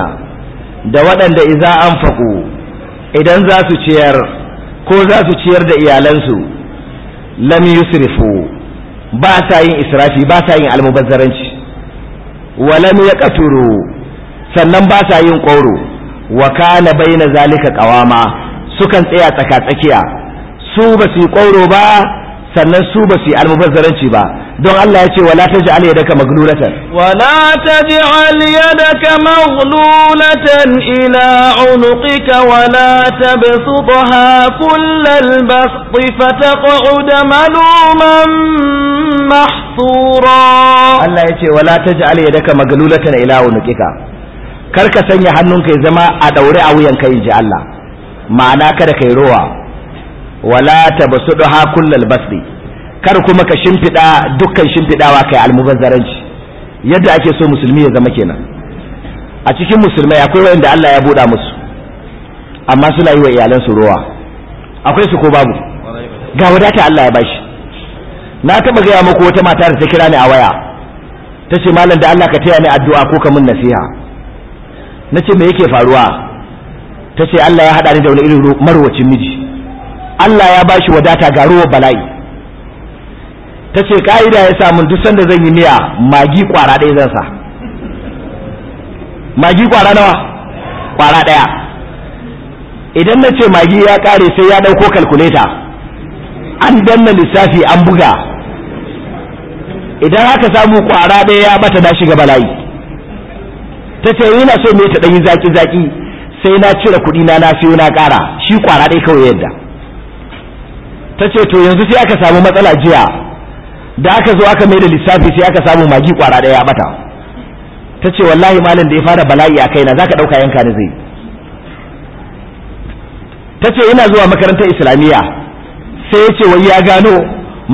da waɗanda iza an faƙo idan za su ciyar ko za su ciyar da iyalansu lam yusrifu ba sa yin israfi ba sa yin almubazzaranci wa lam yaqturu sannan ba sa yin ƙoro wa kana baina zalika qawama sukan tsaya tsaka tsakiya su ba su yi qawro ba sannan su ba su yi almubazzaranci ba don Allah ya ce wala ta taj'al yadaka maglulatan wala ta taj'al yadaka maglulatan ila unuqika wala ta su tabsutha kullal bast fataq'ud maluman mahsura Allah ya ce wala ta taj'al yadaka maglulatan ila unuqika kar ka sanya hannunka ya zama a ɗaure a wuyan kai ji Allah ma'ana kada kai rowa wala ha kullal basri kar kuma ka shimfida dukkan shimfidawa kai almubazzaranci yadda ake so musulmi ya zama kenan a cikin musulmai akwai wanda Allah ya buɗa musu amma suna yi wa iyalansu ruwa. akwai su ko babu ga wadata Allah ya bashi na taɓa gaya muku wata mata da ta kira ni a waya ta ce malam da Allah ka taya ni addu'a ko ka mun nasiha na ce me yake faruwa ta ce Allah ya haɗa ni da wani irin marwacin miji Allah ya ba shi wadata ga ruwan bala'i ta ce ka'ida ya samu duk sanda zan yi miya magi kwara ɗaya zan sa magi kwara nawa kwara ɗaya idan na ce magi ya ƙare sai ya ɗauko kalkuleta an danna lissafi an buga idan aka samu kwara ɗaya ya bata dashi ga bala'i ta ce yana so me ta ɗanyi zaki-zaki sai na cire kuɗi na na siyo na ƙara shi kwara ɗaya kawai yadda ta ce to yanzu sai aka samu matsala jiya da aka zo aka mai da lissafi sai aka samu magi kwara ɗaya ya bata ta ce wallahi malam da ya fara bala'i a kaina zaka ɗauka yanka ni zai ta ce ina zuwa makarantar islamiyya sai ya ce wai ya gano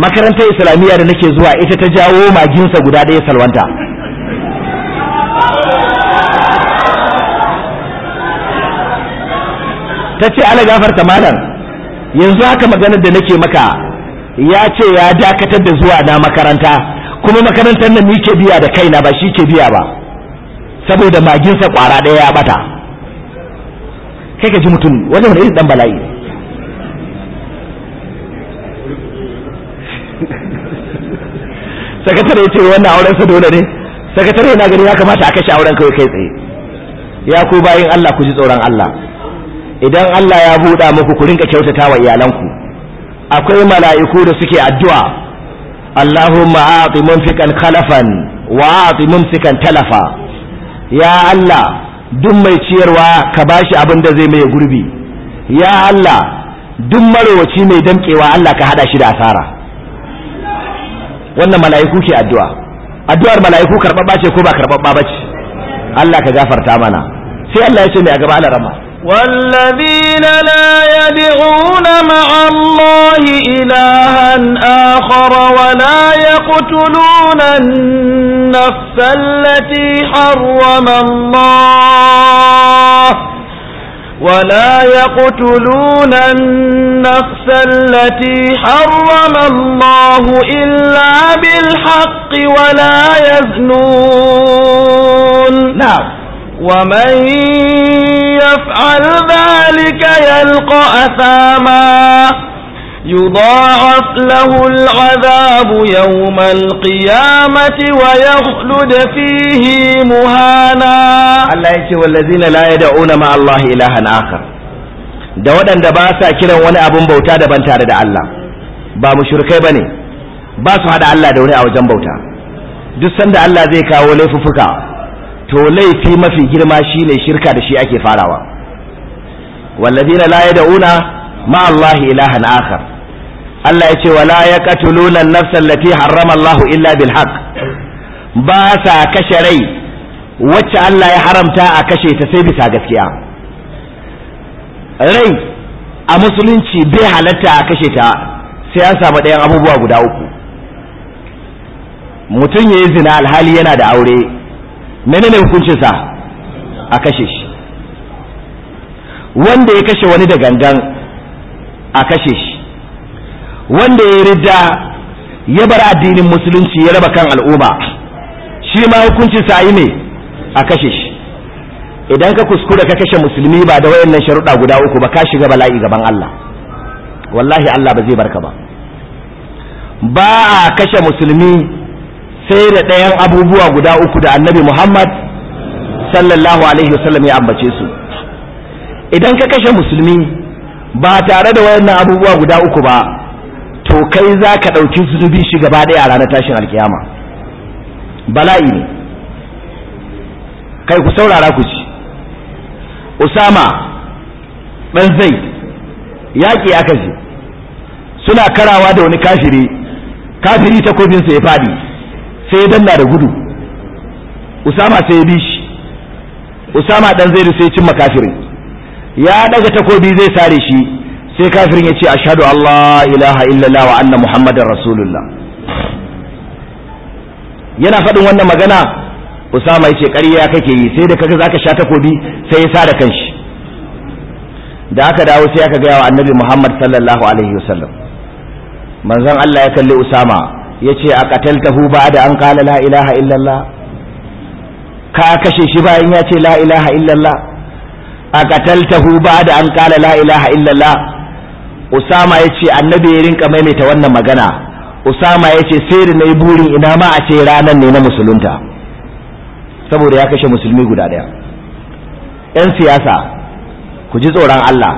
makarantar islamiyya da nake zuwa ita ta jawo maginsa guda ɗaya salwanta ta ce ala gafarta malam yanzu haka maganar da nake maka ya ce ya dakatar da zuwa na makaranta kuma makarantar nan ni biya da kaina ba shi ke biya ba saboda maginsa kwara ɗaya ya bata kai ka ji mutum wannan wani dan bala'i sakatare ya ce wannan auren sa dole ne sakatare yana gani ya kamata a kashe auren kawai kai tsaye ya ku bayin Allah ku ji tsoron Allah idan Allah ya buɗa muku ku rinka kyautata wa iyalanku akwai mala'iku da suke addu'a Allahumma a'ti mumsikan khalafan wa a'ti mumsikan talafa ya Allah duk mai ciyarwa ka bashi abin da zai mai gurbi ya Allah duk marowaci mai damkewa Allah ka hada shi da asara wannan mala'iku ke addu'a addu'ar mala'iku karɓaɓɓa ce ko ba karɓaɓɓa ba ce Allah ka gafarta mana sai Allah ya ce mai a gaba rama. والذين لا يدعون مع الله إلها آخر ولا يقتلون النفس التي حرم الله ولا يقتلون النفس التي حرم الله إلا بالحق ولا يزنون نعم ومن يفعل ذلك يلقى أثاما يضاعف له العذاب يوم القيامة ويخلد فيه مهانا الله يكي والذين لا يدعون مع الله إلها آخر da waɗanda ba sa kiran wani abin bauta daban tare da Allah ba mushrikai bane ba su haɗa Allah da wani a wajen bauta duk sanda Allah zai kawo laifuffuka to laifi mafi girma shine shirka da shi ake farawa wallazina la yad'una ma Allah ilahan akhar Allah yace wala yaqtuluna katulunan nafsa allati harrama Allah illa bilhak. ba sa kashe rai wacce Allah ya haramta a kashe ta sai bisa gaskiya rai a musulunci bai halatta a kashe ta sai an samu ɗayan abubuwa guda uku mutum ya yi zina alhali yana da aure menene hukuncin sa a kashe shi wanda ya kashe wani da gangan a kashe shi wanda ya ridda ya bar addinin musulunci ya raba kan al'umma shi ma hukuncin sa yi ne a kashe shi idan ka kuskura ka kashe musulmi ba da wayannan sharuɗa guda uku ba ka shiga bala'i gaban Allah wallahi Allah ba zai barka ba ba a kashe musulmi sai da ɗayan abubuwa guda uku da annabi Muhammad sallallahu alaihi wasallam ya ambace su idan ka kashe musulmi ba tare da wayannan abubuwa guda uku ba to kai za ka ɗauki zubi shi gaba ɗaya a ranar tashin alkiyama bala'i ne kai ku saurara ku ci usama ɗan zai yaƙi aka je suna karawa da wani kafiri kafiri ta takobinsa ya faɗi sai ya danna da gudu usama sai ya bi shi usama dan zai sai cin cimma kafirin ya daga takobi zai sare shi sai kafirin ya ce ashhadu allah ilaha illallah wa anna muhammadar rasulullah yana faɗin wannan magana usama ya ce ƙarya kake yi sai da kaga zaka sha takobi sai ya sare kanshi da aka dawo sai aka gaya wa annabi muhammad sallallahu alaihi wasallam manzon allah ya kalli usama ya ce a ƙataltahu ba da an ƙala la ilaha illallah ka kashe shi bayan ya ce la ilaha illallah a ƙataltahu ba da an ƙala la ilaha illallah usama ya ce annabi ya rinka maimaita wannan magana usama ya ce sai da na yi burin ina ma a ce ranar ne na musulunta saboda ya kashe musulmi guda ɗaya 'yan siyasa ku ji tsoron allah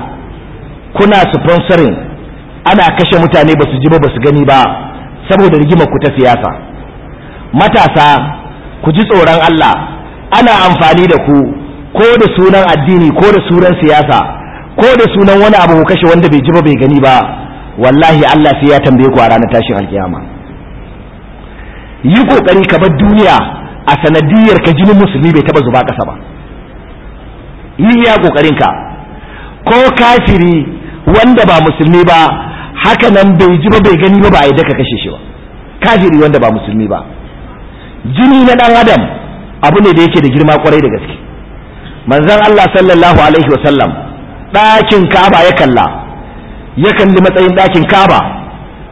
kuna sponsoring ana kashe mutane ba su ji ba ba su gani ba saboda rigimar ku ta siyasa matasa ku ji tsoron Allah ana amfani da ku ko da sunan addini ko da sunan siyasa ko da sunan wani abu ku kashe wanda bai ji ba bai gani ba wallahi Allah sai ya tambaye ku a ranar tashin alkiyama yi kokari ka bar duniya a sanadiyar ka jinin musulmi bai taba zuba kasa ba yi iya kokarin ka ko kafiri wanda ba musulmi ba haka nan bai ji ba bai gani ba ba a yi daga kashe shi ba kafiri wanda ba musulmi ba jini na dan adam abu ne da yake da girma kwarai da gaske manzon Allah sallallahu alaihi wasallam ɗakin kaba ya kalla ya kalli matsayin ɗakin kaba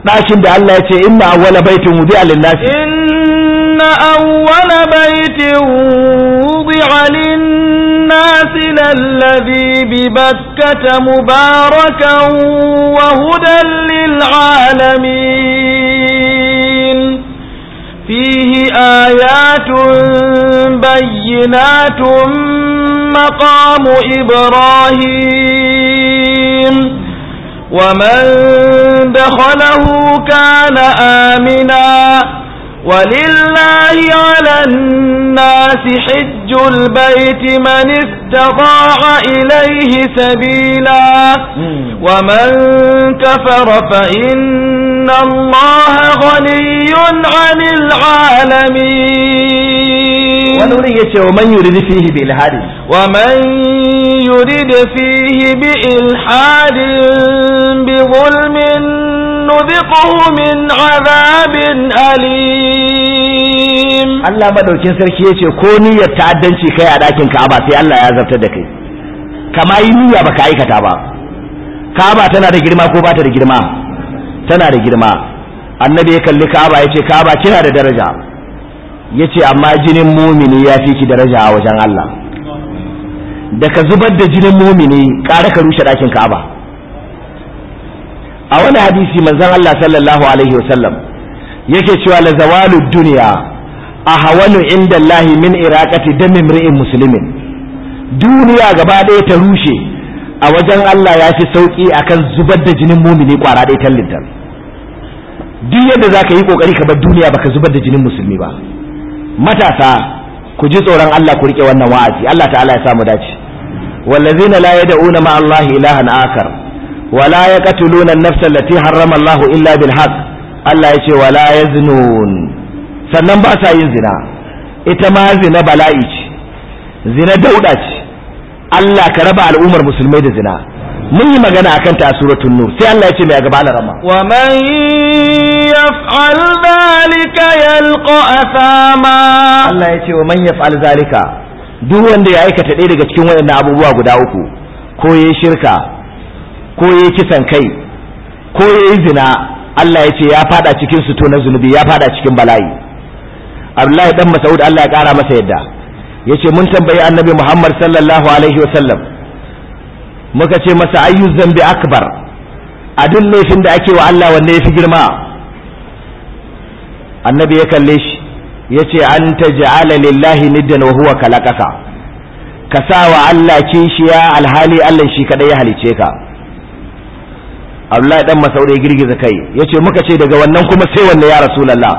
ɗakin da Allah ya ce inna awwala baitin wudi'a lin-nasi inna awwala baitin wudi'a lin الناس للذي ببكة مباركا وهدى للعالمين فيه آيات بينات مقام إبراهيم ومن دخله كان آمناً ولله على الناس حج البيت من استطاع إليه سبيلا ومن كفر فإن الله غني عن العالمين ومن يريد فيه بإلحاد ومن يريد فيه بإلحاد بظلم نذقه من عذاب أليم الله مدوكين سركي يتي كوني يتعدن شي كي أداكين كعبا سي الله يازبت دكي كما ينيا بك أي كتابا كعبا تنا دي جرما كوبا تنا دي جرما تنا دي جرما النبي يكلي كعبا يتي كعبا كنا amma jinin mumini ya جنين ki daraja a wajen الله da ka zubar da jinin mumini ƙara ka rushe ɗakin ka'aba a wani hadisi manzon Allah sallallahu alaihi wasallam yake cewa la zawalud dunya ahwanu inda Allah min iraqati damin ri'in muslimin duniya gaba ɗaya ta rushe a wajen Allah ya fi sauki akan zubar da jinin mumini kwara ɗaya tallintan duk yadda za ka yi ƙoƙari ka bar duniya baka zubar da jinin musulmi ba matasa ku ji tsoron Allah ku riƙe wannan wa'azi Allah ta'ala ya samu dace wallazina la yad'una ma Allah ilahan akar wala ya katuluna nafsa lati harrama Allah illa bil haq Allah ya ce wala yaznun sannan ba sa yin zina ita ma zina bala'i ce zina dauda ce Allah ka raba al'ummar musulmai da zina mun yi magana akan ta suratul nur sai Allah ya ce mai gaba rama wa man yaf'al zalika yalqa asama Allah ya ce wa man yaf'al zalika duk wanda ya aikata ɗaya daga cikin waɗannan abubuwa guda uku ko yayi shirka ko ya yi kisan kai ko ya yi zina Allah ya ce ya fada cikin suto na zunubi ya fada cikin bala'i Abdullahi dan Mas'ud Allah ya kara masa yadda yace mun tambayi Annabi Muhammad sallallahu alaihi wasallam muka ce masa ayyu zambi akbar a duk laifin da ake wa Allah wanne yafi girma Annabi ya kalle shi yace an taj'ala lillahi niddan wa huwa kalakaka ka sa wa Allah kishiya alhali Allah shi kadai ya halice ka abdullahi dan masaure girgiza kai yace muka ce daga wannan kuma sai wanne ya rasulullah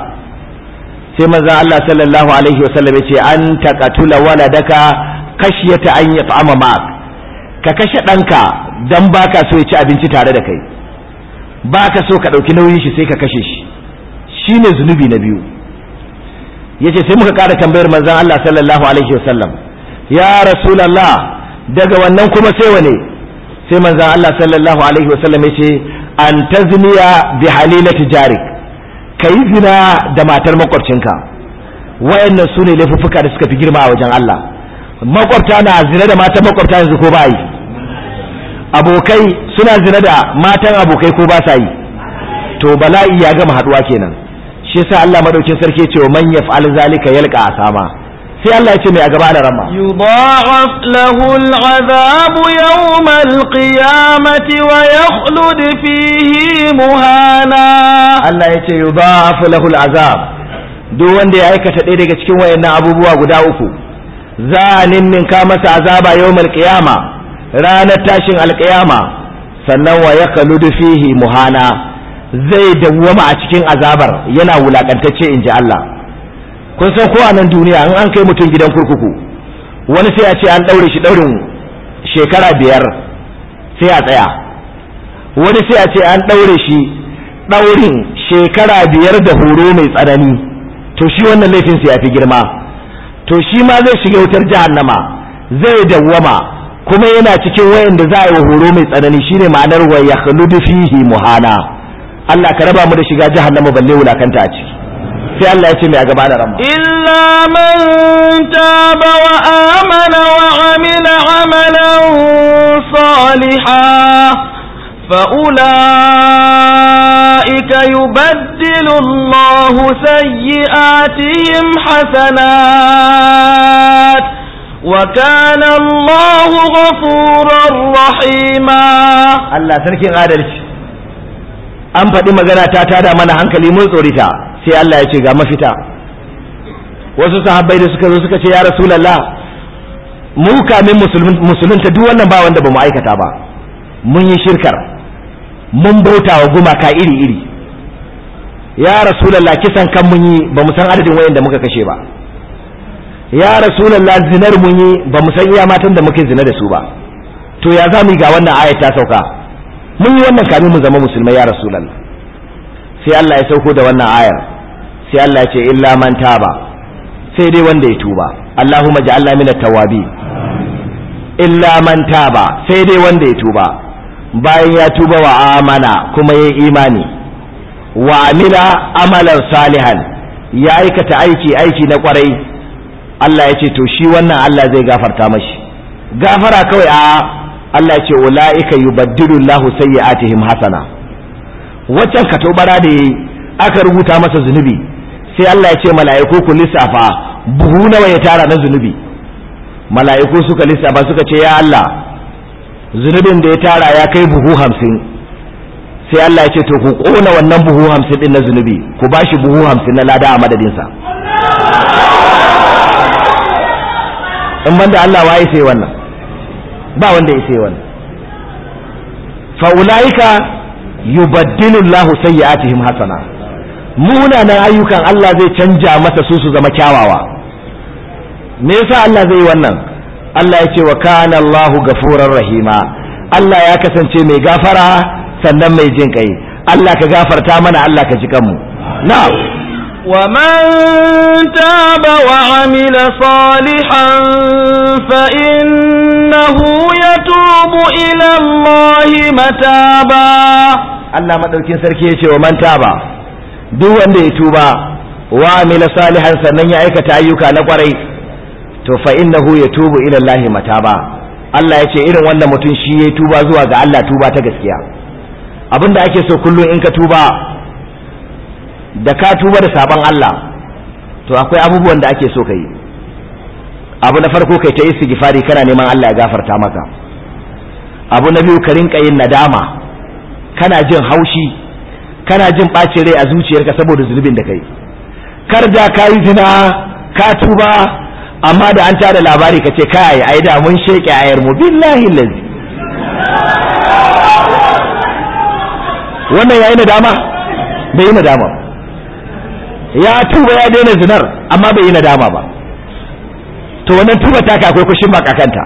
sai manzo Allah sallallahu alaihi wasallam yace an taqatula waladaka khashyata an yat'ama ma ka kashe danka dan baka so ya ci abinci tare da kai baka so ka dauki nauyin shi sai ka kashe shi shine zunubi na biyu yace sai muka ƙara tambayar manzo Allah sallallahu alaihi wasallam ya rasulullah daga wannan kuma sai wane sai manzan Allah sallallahu alaihi wasallam ya ce an tazniya bi halilati jarik kayi zina da matar makwabcinka wayannan sune ne laifuffuka da suka fi girma a wajen Allah makwabta na zina da matan makwabta yanzu ko ba yi abokai suna zina da matan abokai ko ba sa yi to bala'i ya gama haduwa kenan shi yasa Allah madaukin sarki ya ce man yaf'al zalika yalqa asama sai Allah ya ce mai a gaba da rama yudha'af lahu al'azab yawm al-qiyamati wa yakhlud fihi muhana Allah ya ce yudha'af lahu al'azab duk wanda ya aikata ɗaya daga cikin wayannan abubuwa guda uku za a ninninka masa azaba yawm al-qiyama ranar tashin al-qiyama sannan wa yakhlud fihi muhana zai dawwama a cikin azabar yana wulakantacce inji Allah kun san ko a nan duniya in an kai mutum gidan kurkuku wani sai a ce an ɗaure shi ɗaurin shekara biyar sai a tsaya wani sai a ce an ɗaure shi ɗaurin shekara biyar da horo mai tsanani to shi wannan laifin sai ya fi girma to shi ma zai shiga wutar jahannama zai dawwama kuma yana cikin wayan da za a yi horo mai tsanani shine ma'anar wa yakhludu fihi muhana Allah ka raba mu da shiga jahannama balle wulakanta a ciki sai Allah ya ce mai a gaba da rama illa man taba wa amana wa amila amalan saliha fa ulaika yubaddilu Allah sayyi'atihim hasanat وكان الله غفورا رحيما الله سنكين عادلش an faɗi magana ta tada mana hankali mun tsorita sai Allah ya ce ga mafita wasu sahabbai da suka zo suka ce ya rasulullah mu kamin musulunta duk wannan ba wanda ba aikata ba mun yi shirkar mun bauta wa gumaka iri iri ya rasulullah kisan kan mun yi ba san adadin wayan da muka kashe ba ya rasulullah zinar mun yi ba mu san iya matan da muke zina da su ba to ya za mu ga wannan ayat ta sauka mun yi wannan kamin mu zama musulmai ya rasulallah sai Allah ya sauko da wannan ayar sai Allah ya ce illa man taba sai dai wanda ya tuba Allahumma ja'alna minat tawabi illa man taba sai dai wanda ya tuba bayan ya tuba wa amana kuma yayi imani wa amila amalan salihan ya aikata aiki aiki na kwarai Allah ya ce to shi wannan Allah zai gafarta mashi gafara kawai a Allah ya ce ula'ika yubaddilu Allahu sayyi'atihim hasana waccan katobara da yayi aka rubuta masa zunubi sai Allah ya ce mala'iku ku lissafa buhu nawa ya tara na zunubi mala'iku suka lissafa suka ce ya Allah zunubin da ya tara ya kai buhu hamsin sai Allah ya ce to ku kona wannan buhu hamsin din na zunubi ku bashi buhu hamsin na lada a madadinsa in banda Allah waye sai wannan ba wanda ya sai wannan fa ulaika yubaddilu Allahu sayyi'atihim hasana munanan ayyukan Allah zai canja masa su su zama kyawawa me yasa Allah zai wannan Allah ya ce wa kana Allahu gafurar rahima Allah ya kasance mai gafara sannan mai jin kai Allah ka gafarta mana Allah ka ji kanmu na'am Wa wa ومن تاب وعمل صالحا فإنه يتوب إلى الله متابا الله مدوكين سركي يشي ومن تابا دو وند يتوبا وعمل ya aikata ayyuka na kwarai, to fa ya tubu ila Allah ba. Allah ya ce irin wannan mutum shi ya tuba zuwa ga Allah tuba ta gaskiya abinda ake so kullum in ka tuba da ka tuba da sabon Allah to akwai abubuwan da ake so ka yi abu na farko kai ta istighfari kana neman Allah ya gafarta maka abu na biyu ka rinka yin nadama kana jin haushi kana jin ɓacin rai a zuciyarka saboda zunubin da kai kar da ka yi zina ka tuba amma da an tada labari ka ce kai ai da mun sheke ayar mu billahi lazi wannan yayi nadama bai yi nadama ya tuba ya daina zinar amma bai yi nadama ba to wannan tuba taka akwai kushin baka kanta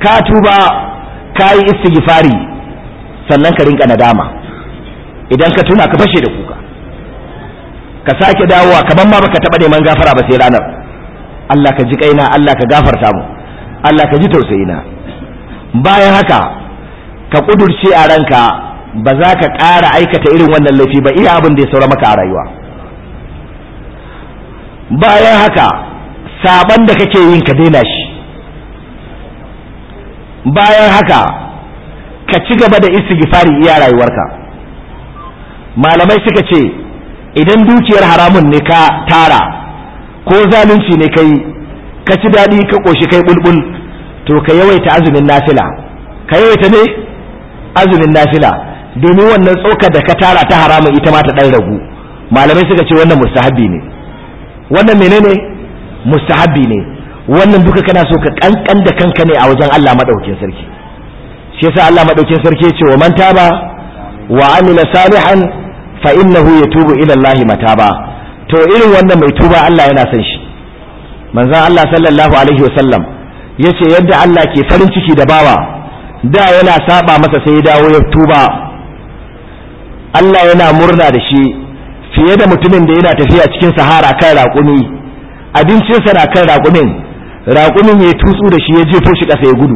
ka tuba ka yi istighfari sannan ka rinka nadama idan ka tuna ka fashe da kuka ka sake dawowa kamar ma baka taba neman gafara ba sai ranar Allah ka ji kaina Allah ka gafarta mu Allah ka ji tausayina bayan haka ka kudurce a ranka ba za ka ƙara aikata irin wannan laifi ba iya abin da ya saura maka a rayuwa bayan haka saban da kake yin ka daina shi bayan haka ka ci gaba da istighfari iya rayuwarka malamai suka ce idan dukiyar haramun ne ka tara ko zalunci ne kai ka ci daɗi ka ƙoshi kai bulbul to ka yawaita azumin nafila ka yawaita ne azumin nafila domin wannan tsokar da ka tara ta haramun ita ma ta dan ragu malamai suka ce wannan mustahabbi ne wannan menene mustahabbi ne wannan duka kana so ka kankan da kanka ne a wajen Allah madaukakin sarki shi yasa Allah madaukakin sarki ya ce wa man taba wa amila salihan fa innahu yatubu ila Allah mataba to irin wannan mai tuba Allah yana son shi manzon Allah sallallahu alaihi wasallam yace yadda Allah ke farin ciki da bawa da yana saba masa sai ya dawo ya tuba Allah yana murna da shi fiye da mutumin da yana tafiya cikin sahara kan raƙumi abincinsa na kan raƙumin raƙumin ya tutsu da shi ya jefo shi ƙasa ya gudu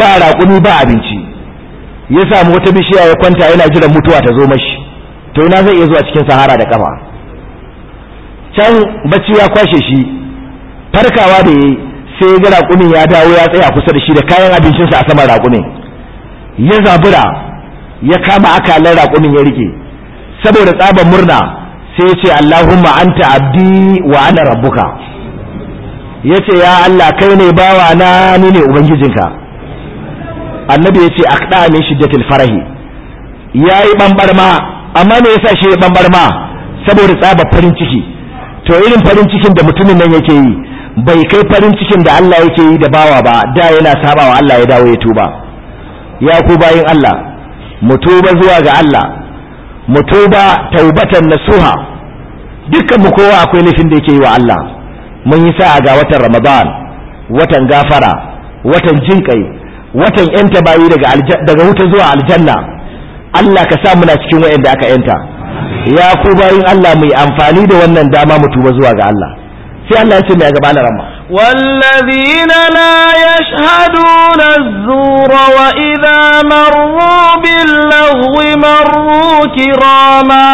ba raƙumi ba abinci ya samu wata bishiya ya kwanta yana jiran mutuwa ta zo mashi to ina zai iya zuwa cikin sahara da kafa can bacci ya kwashe shi farkawa da yayi sai ya ga raƙumin ya dawo ya tsaya kusa da shi da kayan abincinsa a saman raƙumin ya zabura ya kama akalan raƙumin ya rike saboda tsaban murna sai ya ce Allahumma anta abdi wa ana rabbuka ya ce ya Allah kai ne bawa na ni ne ubangijinka annabi ya ce aqda min shiddatil farahi yayi bambarma amma me yasa shi ya bambarma saboda tsaba farin ciki to irin farin cikin da mutumin nan yake yi bai kai farin cikin da Allah yake yi da bawa ba da yana sabawa Allah ya dawo ya tuba ya ku bayin Allah Mutuba zuwa ga Allah mutuba tuba taubatan nasuha dukkan mu kowa akwai laifin da yake yi wa Allah mun yi sa'a ga watan Ramadan watan gafara watan jinkai watan yanta bayi daga daga wuta zuwa aljanna Allah ka sa muna cikin wayanda aka yanta ya ku bayin Allah mu yi amfani da wannan dama mutuba zuwa ga Allah sai Allah ya ce mai gaba na rama والذين لا يشهدون الزور وإذا مروا باللغو مروا كراما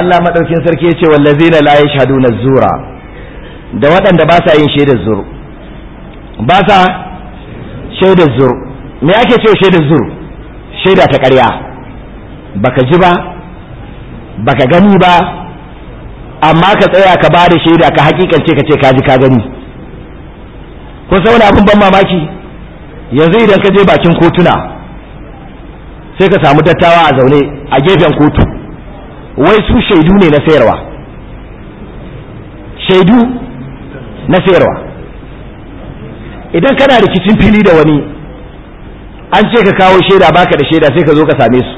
الله ما دوكين سركي والذين لا يشهدون الزور da waɗanda ba sa yin shaidar zur ba sa shaidar zur me ake ce shaidar zur shaida ta ƙarya baka ji ba baka gani ba amma ka tsaya ka ba da shaida ka hakikance ka ce ka ji ka gani ko sai wani abin ban mamaki yanzu idan ka je bakin kotuna sai ka samu dattawa a zaune a gefen kotu wai su shaidu ne na sayarwa shaidu na sayarwa idan kana rikicin fili da wani an ce ka kawo shaida baka da shaida sai ka zo ka same su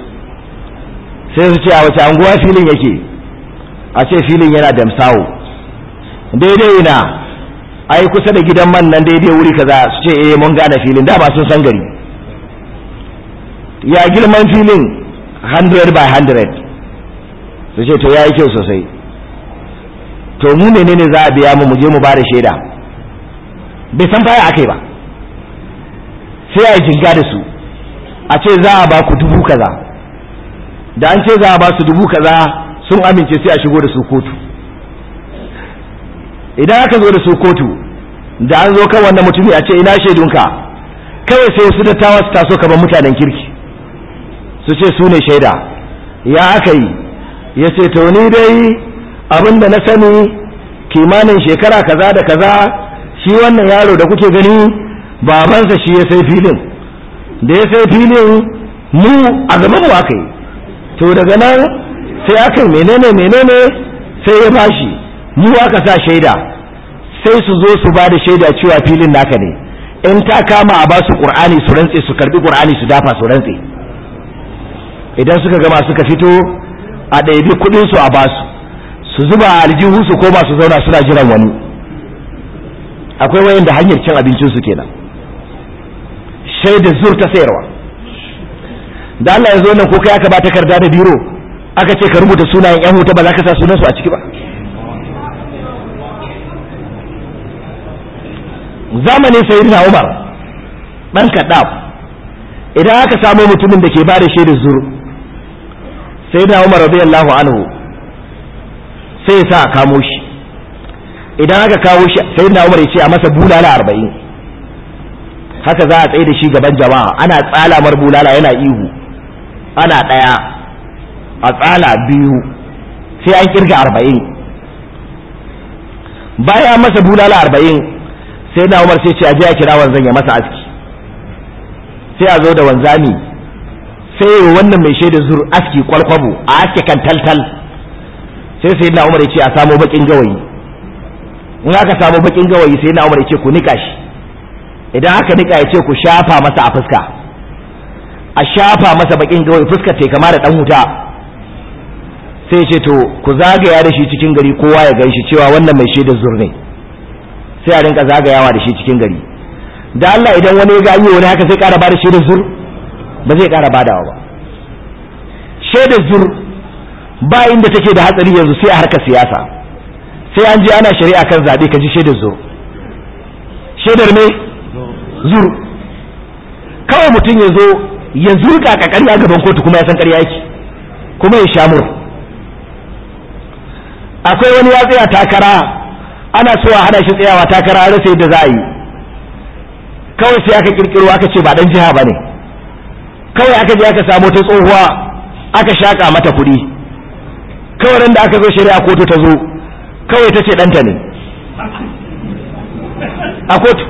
sai su ce a wace anguwa filin yake a ce filin yana damsawo daidai na ai kusa da gidan man nan daidai wuri kaza su ce eh mun gane filin da ba sun san gari ya girman filin 100 by 100 su ce to ya yi kyau sosai to mu ne za a biya mu mu je mu bada shaida bai san baya akai ba sai a jinga da su a ce za a ba ku dubu kaza da an ce za a ba su dubu kaza sun amince sai a shigo da su kotu idan aka zo da su kotu da an zo kan wannan mutumi a ce ina shaidunka kawai sai su dattawa su taso kaban mutanen kirki su ce su ne shaida ya aka yi ya ce to ni dai abin da na sani kimanin shekara kaza da kaza shi wannan yaro da kuke gani babansa shi ya sai filin da ya sai filin mu a gaban mu aka yi to daga nan sai aka menene menene sai ya bashi mu aka sa shaida sai su zo su ba da shaida cewa filin naka ne in ta kama a ba su qur'ani su rantse su karbi qur'ani su dafa su rantse idan suka gama suka fito a ɗaibi kuɗin su a basu su zuba aljihu su koma su zauna suna jiran wani akwai wayan da hanyar cin abincin su kenan shaida zur ta sayarwa da Allah ya zo nan ko kai aka ba takarda da biro aka ce ka rubuta sunayen yan hoto ba za ka sa sunansu a ciki ba zamanin sayyidina Umar dan Kaddaf idan aka samu mutumin da ke ba da shaidar zuru sayyidina Umar radiyallahu anhu sai ya sa a kamo shi idan aka kawo shi sayyidina Umar ya ce a masa bulala arba'in haka za a tsaye da shi gaban jama'a ana mar bulala yana ihu ana ɗaya a tsala biyu sai an kirga arba'in bayan masa bulala arba'in sai na umar sai ce a jiya kira wanzan ya masa aski sai a zo da wanzami sai yi wannan mai shaida zur aski kwalkwabo a aske kan taltal sai sai na umar ya ce a samo bakin gawayi in aka samo bakin gawayi sai na umar ya ce ku nika shi idan aka nika ya ce ku shafa masa a fuska a shafa masa bakin gawayi fuskar ta kama da dan wuta sai ce to ku zagaya da shi cikin gari kowa ya gan shi cewa wannan mai shaida zur ne sai a rinka zagayawa da shi cikin gari da Allah idan wani ya gayi wani haka sai kara bada shi da zur ba zai kara badawa ba shaidar zur ba inda take da hatsari yanzu sai a harkar siyasa sai an je ana shari'a kan zaɓe ka ji shaidar zur shaidar me zur kawai mutum ya zo ya zurka ka karya gaban kotu kuma ya san karya yake kuma ya sha shamur akwai wani ya tsaya takara ana so a hada shi tsayawa takara an rasa yadda za a yi kawai sai aka kirkiro aka ce ba dan jiha bane kawai aka je aka samu ta tsohuwa aka shaka mata kuɗi kawai ran da aka zo shari'a kotu ta zo kawai ta ce ɗanta ne a kotu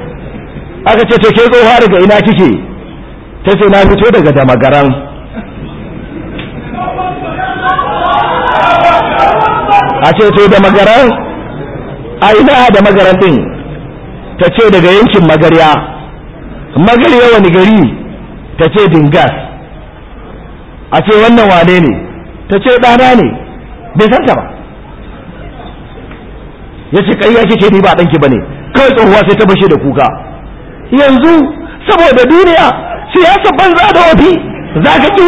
aka ce to ke tsohuwa daga ina kike ta ce na fito daga damagaran a ce to da magaran a da magaran ta ce daga yankin magarya magarya wani gari ta ce dingas a ce wannan wane ne ta ce ɗana ne bai san ba ya ce ƙarya kike ni ba ɗanki ba ne kawai tsohuwa sai ta bashe da kuka yanzu saboda duniya siyasa banza da wafi za ka ƙi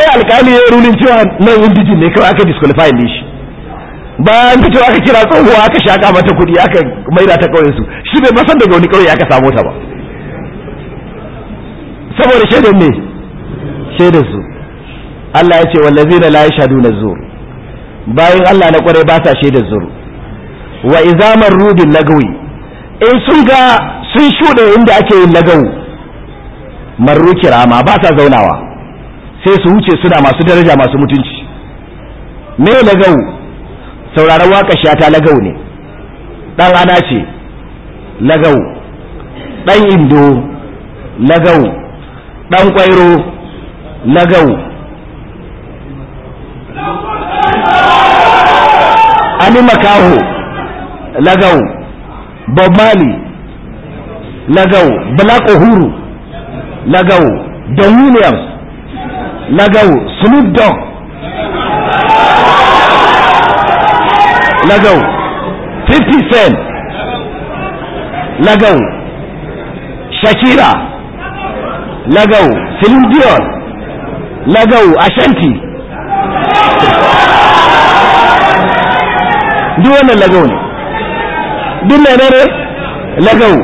kai alkali ya rulin cewa nan indijin ne kawai aka disqualify ne shi an fito aka kira tsohuwa aka shaka mata kuɗi aka maida ta kauyen su shi bai masan daga wani kauye aka samo ta ba saboda shaidan ne shaidan su Allah ya ce wallazina la na zur bayan Allah na kware ba sa shaidan zur wa izamar rubin lagawi in sun ga sun shuɗe inda ake yin lagawu marru kirama ba sa zaunawa sai su wuce suna masu daraja masu mutunci me lagau sauraron waka shata lagau ne dan ana ce lagau dan indo lagau dan kwairo lagau ani makaho lagau bob mali lagau black uhuru lagau don williams lagawo snoop dog lagawo 50 cent lagawo shakira lagawo slim dion lagawo ashanti duk wannan lagawo ne duk ne lagawo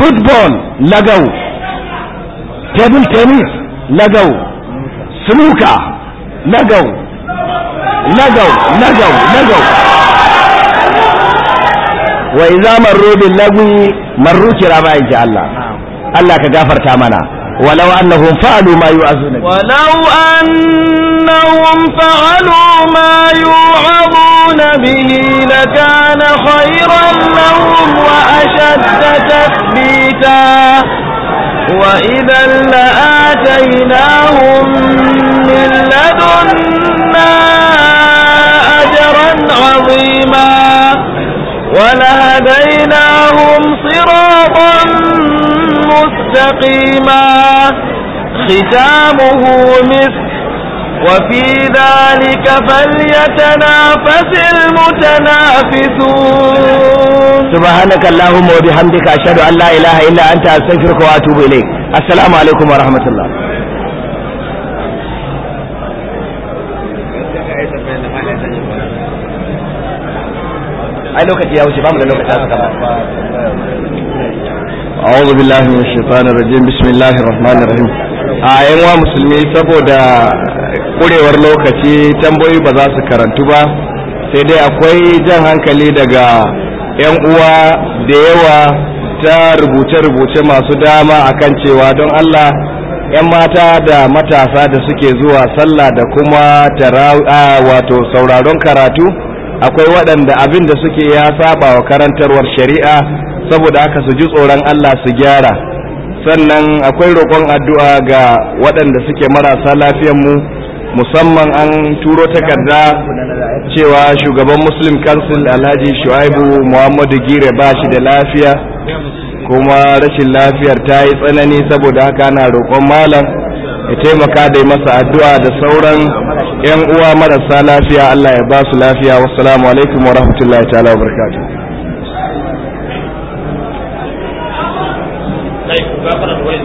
football lagawo table tennis lagawo سلوكا لقوا لقوا لقوا لقوا وإذا مروا باللغو مروا كرامة إن شاء الله الله كجافر كامنا ولو أنهم فعلوا ما يوعظون ولو أنهم فعلوا ما يوعظون به لكان خيرا لهم وأشد تثبيتا وإذا لآتيناهم من لدنا أجرا عظيما ولهديناهم صراطا مستقيما ختامه مثل وفي ذلك فليتنافس المتنافسون سبحانك اللهم وبحمدك أشهد أن لا إله إلا أنت أستغفرك وأتوب إليك السلام عليكم ورحمة الله ai lokaci ya wuce bamu da lokaci aka kama a'udhu billahi minash shaitanir rajim bismillahir rahmanir rahim a yan wa musulmi saboda kurewar lokaci tambayoyi ba za su karantu ba sai dai akwai jan hankali daga 'yan uwa da yawa ta rubuce-rubuce masu dama akan cewa don Allah 'yan mata da matasa da suke zuwa sallah da kuma wato sauraron karatu akwai waɗanda abin da suke ya saba wa karantarwar shari'a saboda aka su ji tsoron Allah su gyara sannan akwai roƙon addu'a ga waɗanda suke marasa lafiyanmu mu musamman an turo takarda cewa shugaban muslim council alhaji shu'aibu muhammadu gire ba shi da lafiya kuma rashin lafiyar ta yi tsanani saboda haka na roƙon malam ya taimaka da yi masa addu'a da sauran 'yan uwa marasa lafiya allah ya ba su lafiya wassalamu alaikum wa rahmatullahi ta'ala wa